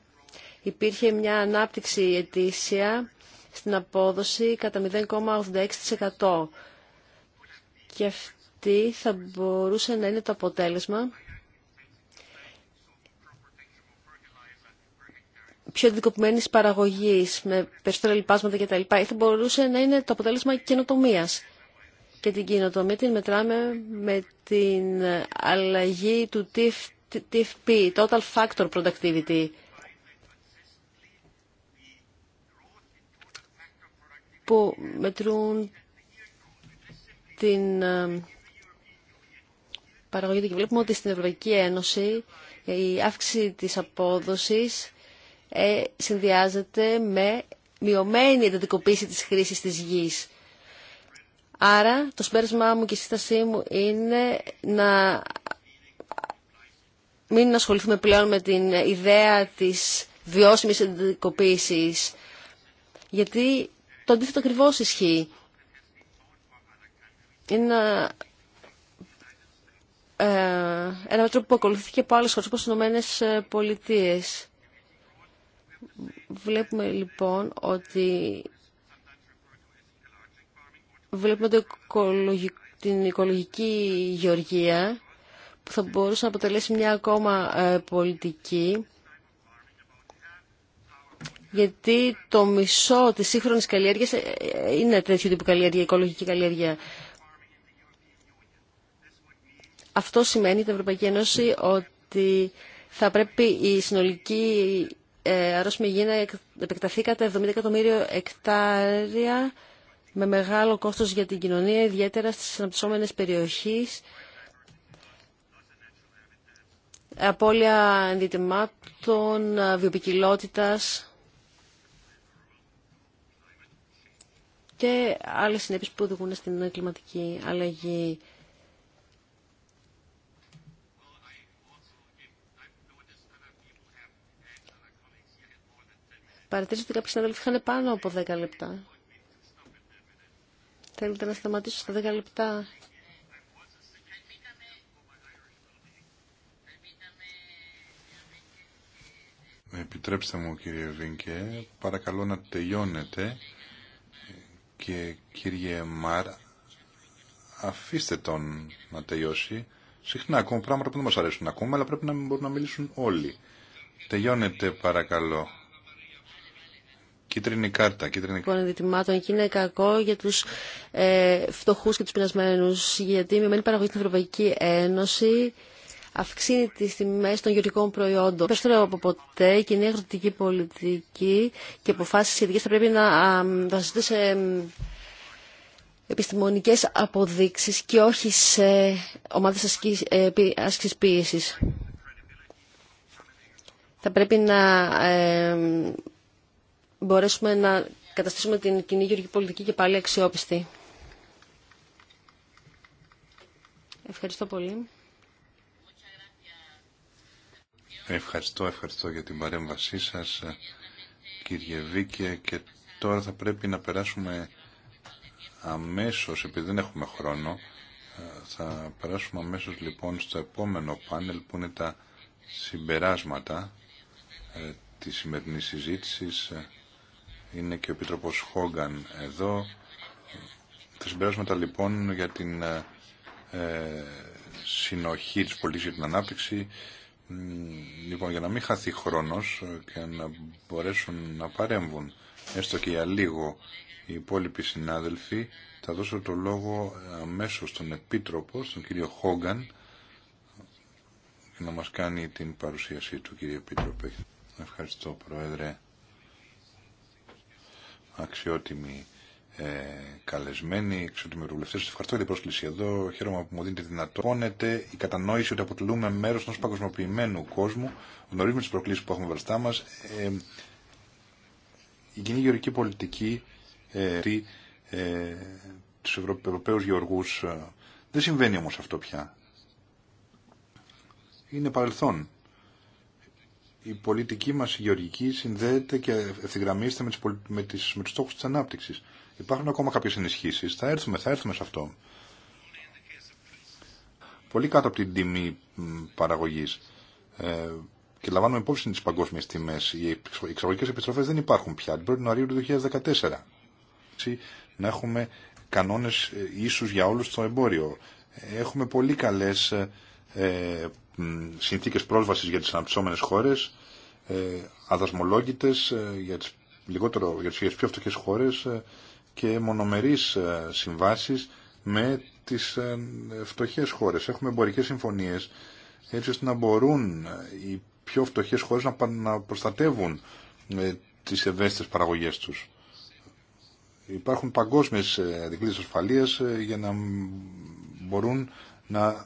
υπήρχε μια ανάπτυξη ετήσια στην απόδοση κατά 0,86% και αυτή θα μπορούσε να είναι το αποτέλεσμα πιο δικοπημένη παραγωγή, με περισσότερα λοιπάσματα κτλ. Ή θα μπορούσε να είναι το αποτέλεσμα καινοτομία και την κοινοτομία την μετράμε με την αλλαγή του TFP, Total Factor Productivity, που μετρούν την ε, παραγωγή και βλέπουμε ότι στην Ευρωπαϊκή Ένωση η αύξηση της απόδοσης ε, συνδυάζεται με μειωμένη εντατικοποίηση της χρήσης της γης. Άρα το συμπέρασμά μου και η σύστασή μου είναι να μην ασχοληθούμε πλέον με την ιδέα της βιώσιμης εντατικοποίησης, γιατί το αντίθετο ακριβώ ισχύει. Είναι ε, ένα, μέτρο που ακολουθήθηκε από άλλες χώρες, όπως οι Ηνωμένες ε, Πολιτείες. Βλέπουμε λοιπόν ότι βλέπουμε την οικολογική γεωργία που θα μπορούσε να αποτελέσει μια ακόμα ε, πολιτική γιατί το μισό της σύγχρονης καλλιέργειας ε, ε, είναι τέτοιου τύπου καλλιέργεια, οικολογική καλλιέργεια. Αυτό σημαίνει την Ευρωπαϊκή Ένωση ότι θα πρέπει η συνολική αρρώσμη γη να επεκταθεί κατά 70 εκατομμύριο εκτάρια με μεγάλο κόστος για την κοινωνία, ιδιαίτερα στις αναπτυσσόμενες περιοχές, απώλεια ενδυτεμάτων, βιοπικιλότητας και άλλες συνέπειες που οδηγούν στην κλιματική αλλαγή. Παρατήρησα ότι κάποιοι συναδελφοί είχαν πάνω από 10 λεπτά. Θέλετε να σταματήσω στα 10 λεπτά. Επιτρέψτε μου κύριε Βίνκε, παρακαλώ να τελειώνετε και κύριε Μαρ, αφήστε τον να τελειώσει. Συχνά ακούμε πράγματα που δεν μας αρέσουν να ακούμε, αλλά πρέπει να μπορούν να μιλήσουν όλοι. Τελειώνετε παρακαλώ. Κίτρινη κάρτα. Κίτρινη... Λοιπόν, είναι κακό για τους ε, φτωχού και τους πεινασμένους, Γιατί η μειωμένη παραγωγή στην Ευρωπαϊκή Ένωση αυξήνει τι τιμέ των γεωργικών προϊόντων. Περισσότερο από ποτέ η κοινή αγροτική πολιτική και αποφάσει ειδικέ θα πρέπει να βασίζονται σε επιστημονικές αποδείξεις και όχι σε ομάδες ε, άσκησης πίεσης. Θα πρέπει να ε, μπορέσουμε να καταστήσουμε την κοινή γεωργική πολιτική και πάλι αξιόπιστη. Ευχαριστώ πολύ. Ευχαριστώ, ευχαριστώ για την παρέμβασή σας, κύριε Βίκε. Και τώρα θα πρέπει να περάσουμε αμέσως, επειδή δεν έχουμε χρόνο, θα περάσουμε αμέσως λοιπόν στο επόμενο πάνελ που είναι τα συμπεράσματα ε, της σημερινής συζήτησης είναι και ο Επίτροπος Χόγκαν εδώ. Τα συμπεράσματα λοιπόν για την ε, ε, συνοχή της πολιτικής για την ανάπτυξη. Λοιπόν, για να μην χαθεί χρόνος και να μπορέσουν να παρέμβουν έστω και για λίγο οι υπόλοιποι συνάδελφοι, θα δώσω το λόγο αμέσως στον Επίτροπο, στον κύριο Χόγκαν, να μας κάνει την παρουσίασή του, κύριε Επίτροπε. Ευχαριστώ, Πρόεδρε αξιότιμοι ε, καλεσμένοι, αξιότιμοι ευρωβουλευτέ. Σα ευχαριστώ για την πρόσκληση εδώ. Χαίρομαι που μου δίνετε δυνατότητα. Η κατανόηση ότι αποτελούμε μέρο ενό παγκοσμιοποιημένου κόσμου. Γνωρίζουμε τι προκλήσει που έχουμε μπροστά μα. Ε, η κοινή γεωργική πολιτική ε, ε, Ευρωπαίου γεωργούς. Ε, δεν συμβαίνει όμω αυτό πια. Είναι παρελθόν η πολιτική μας η γεωργική συνδέεται και ευθυγραμμίζεται με, τις, με, τις, με τους στόχους της ανάπτυξης. Υπάρχουν ακόμα κάποιες ενισχύσεις. Θα έρθουμε, θα έρθουμε σε αυτό. Πολύ κάτω από την τιμή παραγωγής. Ε, και λαμβάνουμε υπόψη τις παγκόσμιες τιμές. Οι εξαγωγικές επιστροφές δεν υπάρχουν πια. Την 1η Νοαρίου του 2014. Να έχουμε κανόνες ε, ίσους για όλους στο εμπόριο. Έχουμε πολύ καλές ε, ε συνθήκες πρόσβασης για τις αναπτυσσόμενες χώρες, ε, αδασμολόγητες ε, για τις, λιγότερο, για τις πιο φτωχές χώρες ε, και μονομερείς συμβάσεις με τις φτωχές χώρες. Έχουμε εμπορικέ συμφωνίες έτσι ώστε να μπορούν οι πιο φτωχές χώρες να προστατεύουν τις ευαίσθητες παραγωγές τους. Υπάρχουν παγκόσμιες δικλείδες ασφαλείας για να μπορούν να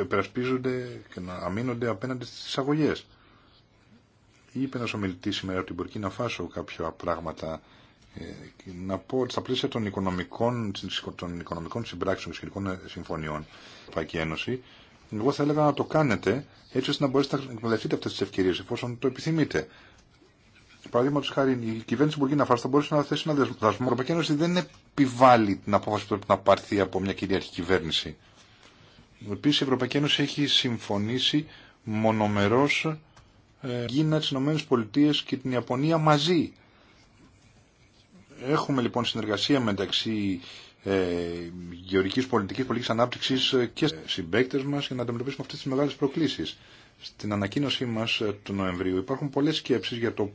υπερασπίζονται και να αμήνονται απέναντι στι εισαγωγέ. Είπε ένα ομιλητή σήμερα ότι μπορεί να φάσω κάποια πράγματα ε, να πω ότι στα πλαίσια των οικονομικών, των οικονομικών συμπράξεων και σχετικών ε, συμφωνιών Ευρωπαϊκή Ένωση, εγώ θα έλεγα να το κάνετε έτσι ώστε να μπορέσετε να εκμεταλλευτείτε αυτέ τι ευκαιρίε εφόσον το επιθυμείτε. Παραδείγματο χάρη, η κυβέρνηση να φάσει θα μπορούσε να θέσει ένα δασμό. Η Ευρωπαϊκή Ένωση δεν επιβάλλει την απόφαση που πρέπει να πάρθει από μια κυριαρχική κυβέρνηση. Επίση η Ευρωπαϊκή Ένωση έχει συμφωνήσει μονομερώς ε, Κίνα, τις Ηνωμένε Πολιτείε και την Ιαπωνία μαζί. Έχουμε λοιπόν συνεργασία μεταξύ ε, γεωρικής πολιτικής, πολιτικής ανάπτυξης και συμπαίκτε μα για να αντιμετωπίσουμε αυτές τις μεγάλες προκλήσεις. Στην ανακοίνωσή μας ε, του Νοεμβρίου υπάρχουν πολλές σκέψει για το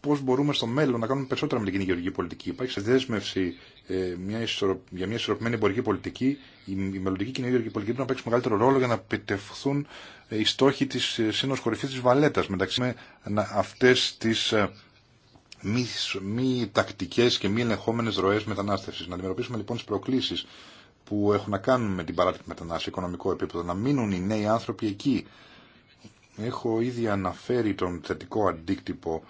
πώ μπορούμε στο μέλλον να κάνουμε περισσότερα με την κοινή γεωργική πολιτική. Υπάρχει σε δέσμευση ε, μια για μια ισορροπημένη εμπορική πολιτική. Η, η μελλοντική κοινή γεωργική πολιτική πρέπει να παίξει μεγαλύτερο ρόλο για να επιτευχθούν ε, οι στόχοι τη ε, σύνο κορυφή τη Βαλέτα μεταξύ με αυτέ τι μη, μη τακτικέ και μη ελεγχόμενε ροέ μετανάστευση. Να αντιμετωπίσουμε λοιπόν τι προκλήσει που έχουν να κάνουν με την παράτυπη μετανάστευση σε οικονομικό επίπεδο, να μείνουν οι νέοι άνθρωποι εκεί. Έχω ήδη αναφέρει τον θετικό αντίκτυπο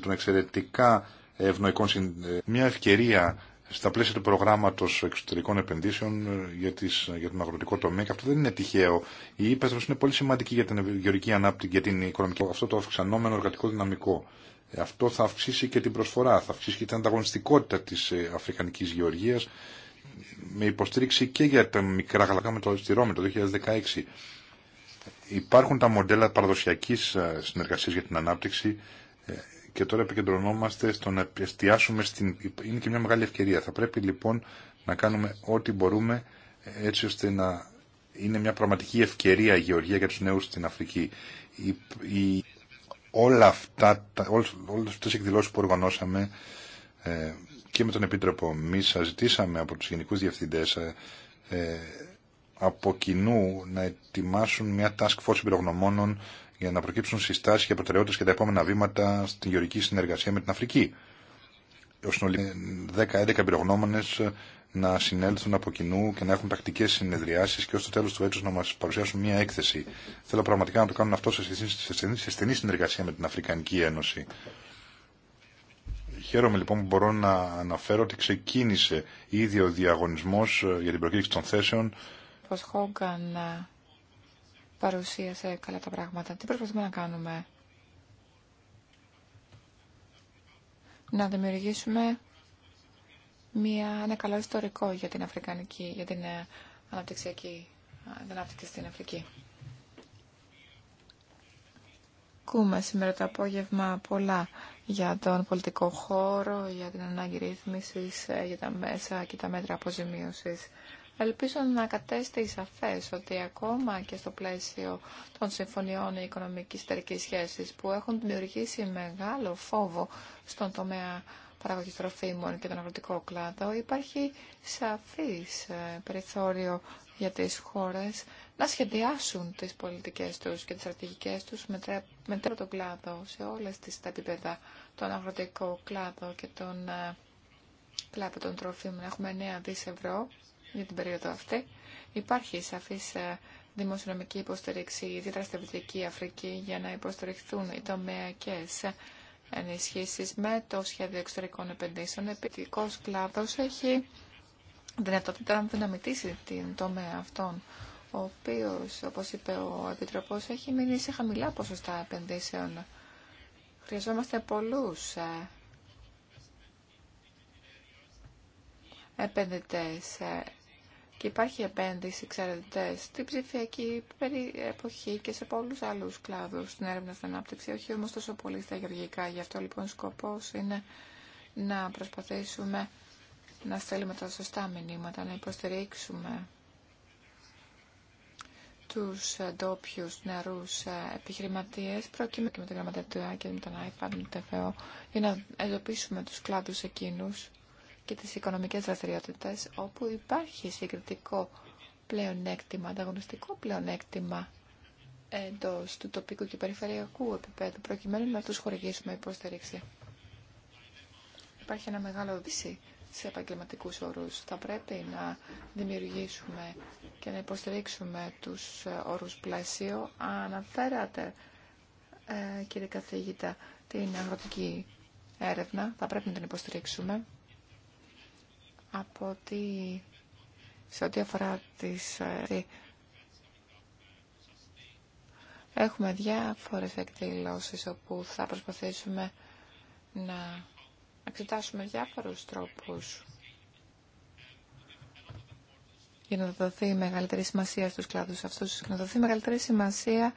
των εξαιρετικά ευνοϊκών ε, Μια ευκαιρία στα πλαίσια του προγράμματος εξωτερικών επενδύσεων ε, για, τις, ε, για τον αγροτικό τομέα και αυτό δεν είναι τυχαίο. Η ύπεθρος είναι πολύ σημαντική για την γεωρική ανάπτυξη, για την οικονομική, αυτό το αυξανόμενο εργατικό δυναμικό. Αυτό θα αυξήσει και την προσφορά, θα αυξήσει και την ανταγωνιστικότητα της αφρικανικής γεωργίας με υποστήριξη και για τα μικρά γαλακά με το στηρό, με το 2016. Υπάρχουν τα μοντέλα παραδοσιακής συνεργασίας για την ανάπτυξη ε, και τώρα επικεντρωνόμαστε στο να εστιάσουμε στην... Είναι και μια μεγάλη ευκαιρία. Θα πρέπει λοιπόν να κάνουμε ό,τι μπορούμε έτσι ώστε να είναι μια πραγματική ευκαιρία η Γεωργία για τους νέους στην Αφρική. Η, η, όλα αυτά, όλες, αυτές τις εκδηλώσεις που οργανώσαμε ε, και με τον Επίτροπο εμεί ζητήσαμε από τους γενικούς διευθυντές ε, από κοινού να ετοιμάσουν μια task force για να προκύψουν συστάσει και προτεραιότητε για τα επόμενα βήματα στην γεωρική συνεργασία με την αφρικη συνολικα Ώστε 10-11 πυρογνώμονες να συνέλθουν από κοινού και να έχουν τακτικέ συνεδριάσει και ω το τέλο του έτου να μα παρουσιάσουν μια έκθεση. Θέλω πραγματικά να το κάνουν αυτό σε στενή συνεργασία με την Αφρικανική Ένωση. Χαίρομαι λοιπόν που μπορώ να αναφέρω ότι ξεκίνησε ήδη ο διαγωνισμό ε, για την προκήρυξη των θέσεων. Πως ε, παρουσίασε καλά τα πράγματα. Τι προσπαθούμε να κάνουμε. Να δημιουργήσουμε μια, ένα καλό ιστορικό για την Αφρικανική, για την ε, αναπτυξιακή, ε, την ανάπτυξη στην Αφρική. Ακούμε σήμερα το απόγευμα πολλά για τον πολιτικό χώρο, για την ανάγκη ρύθμισης, ε, για τα μέσα και τα μέτρα αποζημίωσης Ελπίζω να κατέστη σαφές ότι ακόμα και στο πλαίσιο των συμφωνιών οικονομικής εταιρικής σχέσης που έχουν δημιουργήσει μεγάλο φόβο στον τομέα παραγωγή τροφίμων και τον αγροτικό κλάδο, υπάρχει σαφής ε, περιθώριο για τις χώρες να σχεδιάσουν τις πολιτικές τους και τις στρατηγικές τους μετρέπω τον κλάδο σε όλες τις τα επίπεδα, τον αγροτικό κλάδο και τον ε, κλάδο των τροφίμων. Έχουμε 9 δις ευρώ για την περίοδο αυτή. Υπάρχει σαφής ε, δημοσιονομική υποστήριξη, ιδιαίτερα στη Αφρική, για να υποστηριχθούν οι τομεακέ ενισχύσει με το σχέδιο εξωτερικών επενδύσεων. Επιτυχικό κλάδο έχει δυνατότητα να δυναμητήσει την τομέα αυτών, ο οποίος, όπως είπε ο Επιτροπός, έχει μείνει σε χαμηλά ποσοστά επενδύσεων. Χρειαζόμαστε πολλούς ε, επενδυτές ε, και υπάρχει επένδυση, ξέρετε, στην ψηφιακή εποχή και σε πολλούς άλλους κλάδους, στην έρευνα, στην ανάπτυξη, όχι όμως τόσο πολύ στα γεωργικά. Γι' αυτό λοιπόν σκοπός είναι να προσπαθήσουμε να στέλνουμε τα σωστά μηνύματα, να υποστηρίξουμε τους ντόπιου νεαρούς επιχειρηματίες προκειμένου και με την γραμματεία και με τον iPad, το για να εντοπίσουμε τους κλάδους εκείνους και τις οικονομικές δραστηριότητες, όπου υπάρχει συγκριτικό πλεονέκτημα, ανταγωνιστικό πλεονέκτημα εντό του τοπικού και περιφερειακού επίπεδου, προκειμένου να τους χορηγήσουμε υποστήριξη. Υπάρχει ένα μεγάλο δυσί. σε επαγγελματικού όρου. Θα πρέπει να δημιουργήσουμε και να υποστηρίξουμε τους όρους πλαίσιο. Αναφέρατε, ε, κύριε καθηγήτα, την αγροτική έρευνα. Θα πρέπει να την υποστηρίξουμε από ότι σε ό,τι αφορά τις... Ε, έχουμε διάφορες εκδηλώσεις όπου θα προσπαθήσουμε να εξετάσουμε διάφορους τρόπους για να δοθεί μεγαλύτερη σημασία στους κλάδους αυτούς, να δοθεί μεγαλύτερη σημασία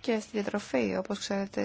και στη διατροφή. Όπως ξέρετε,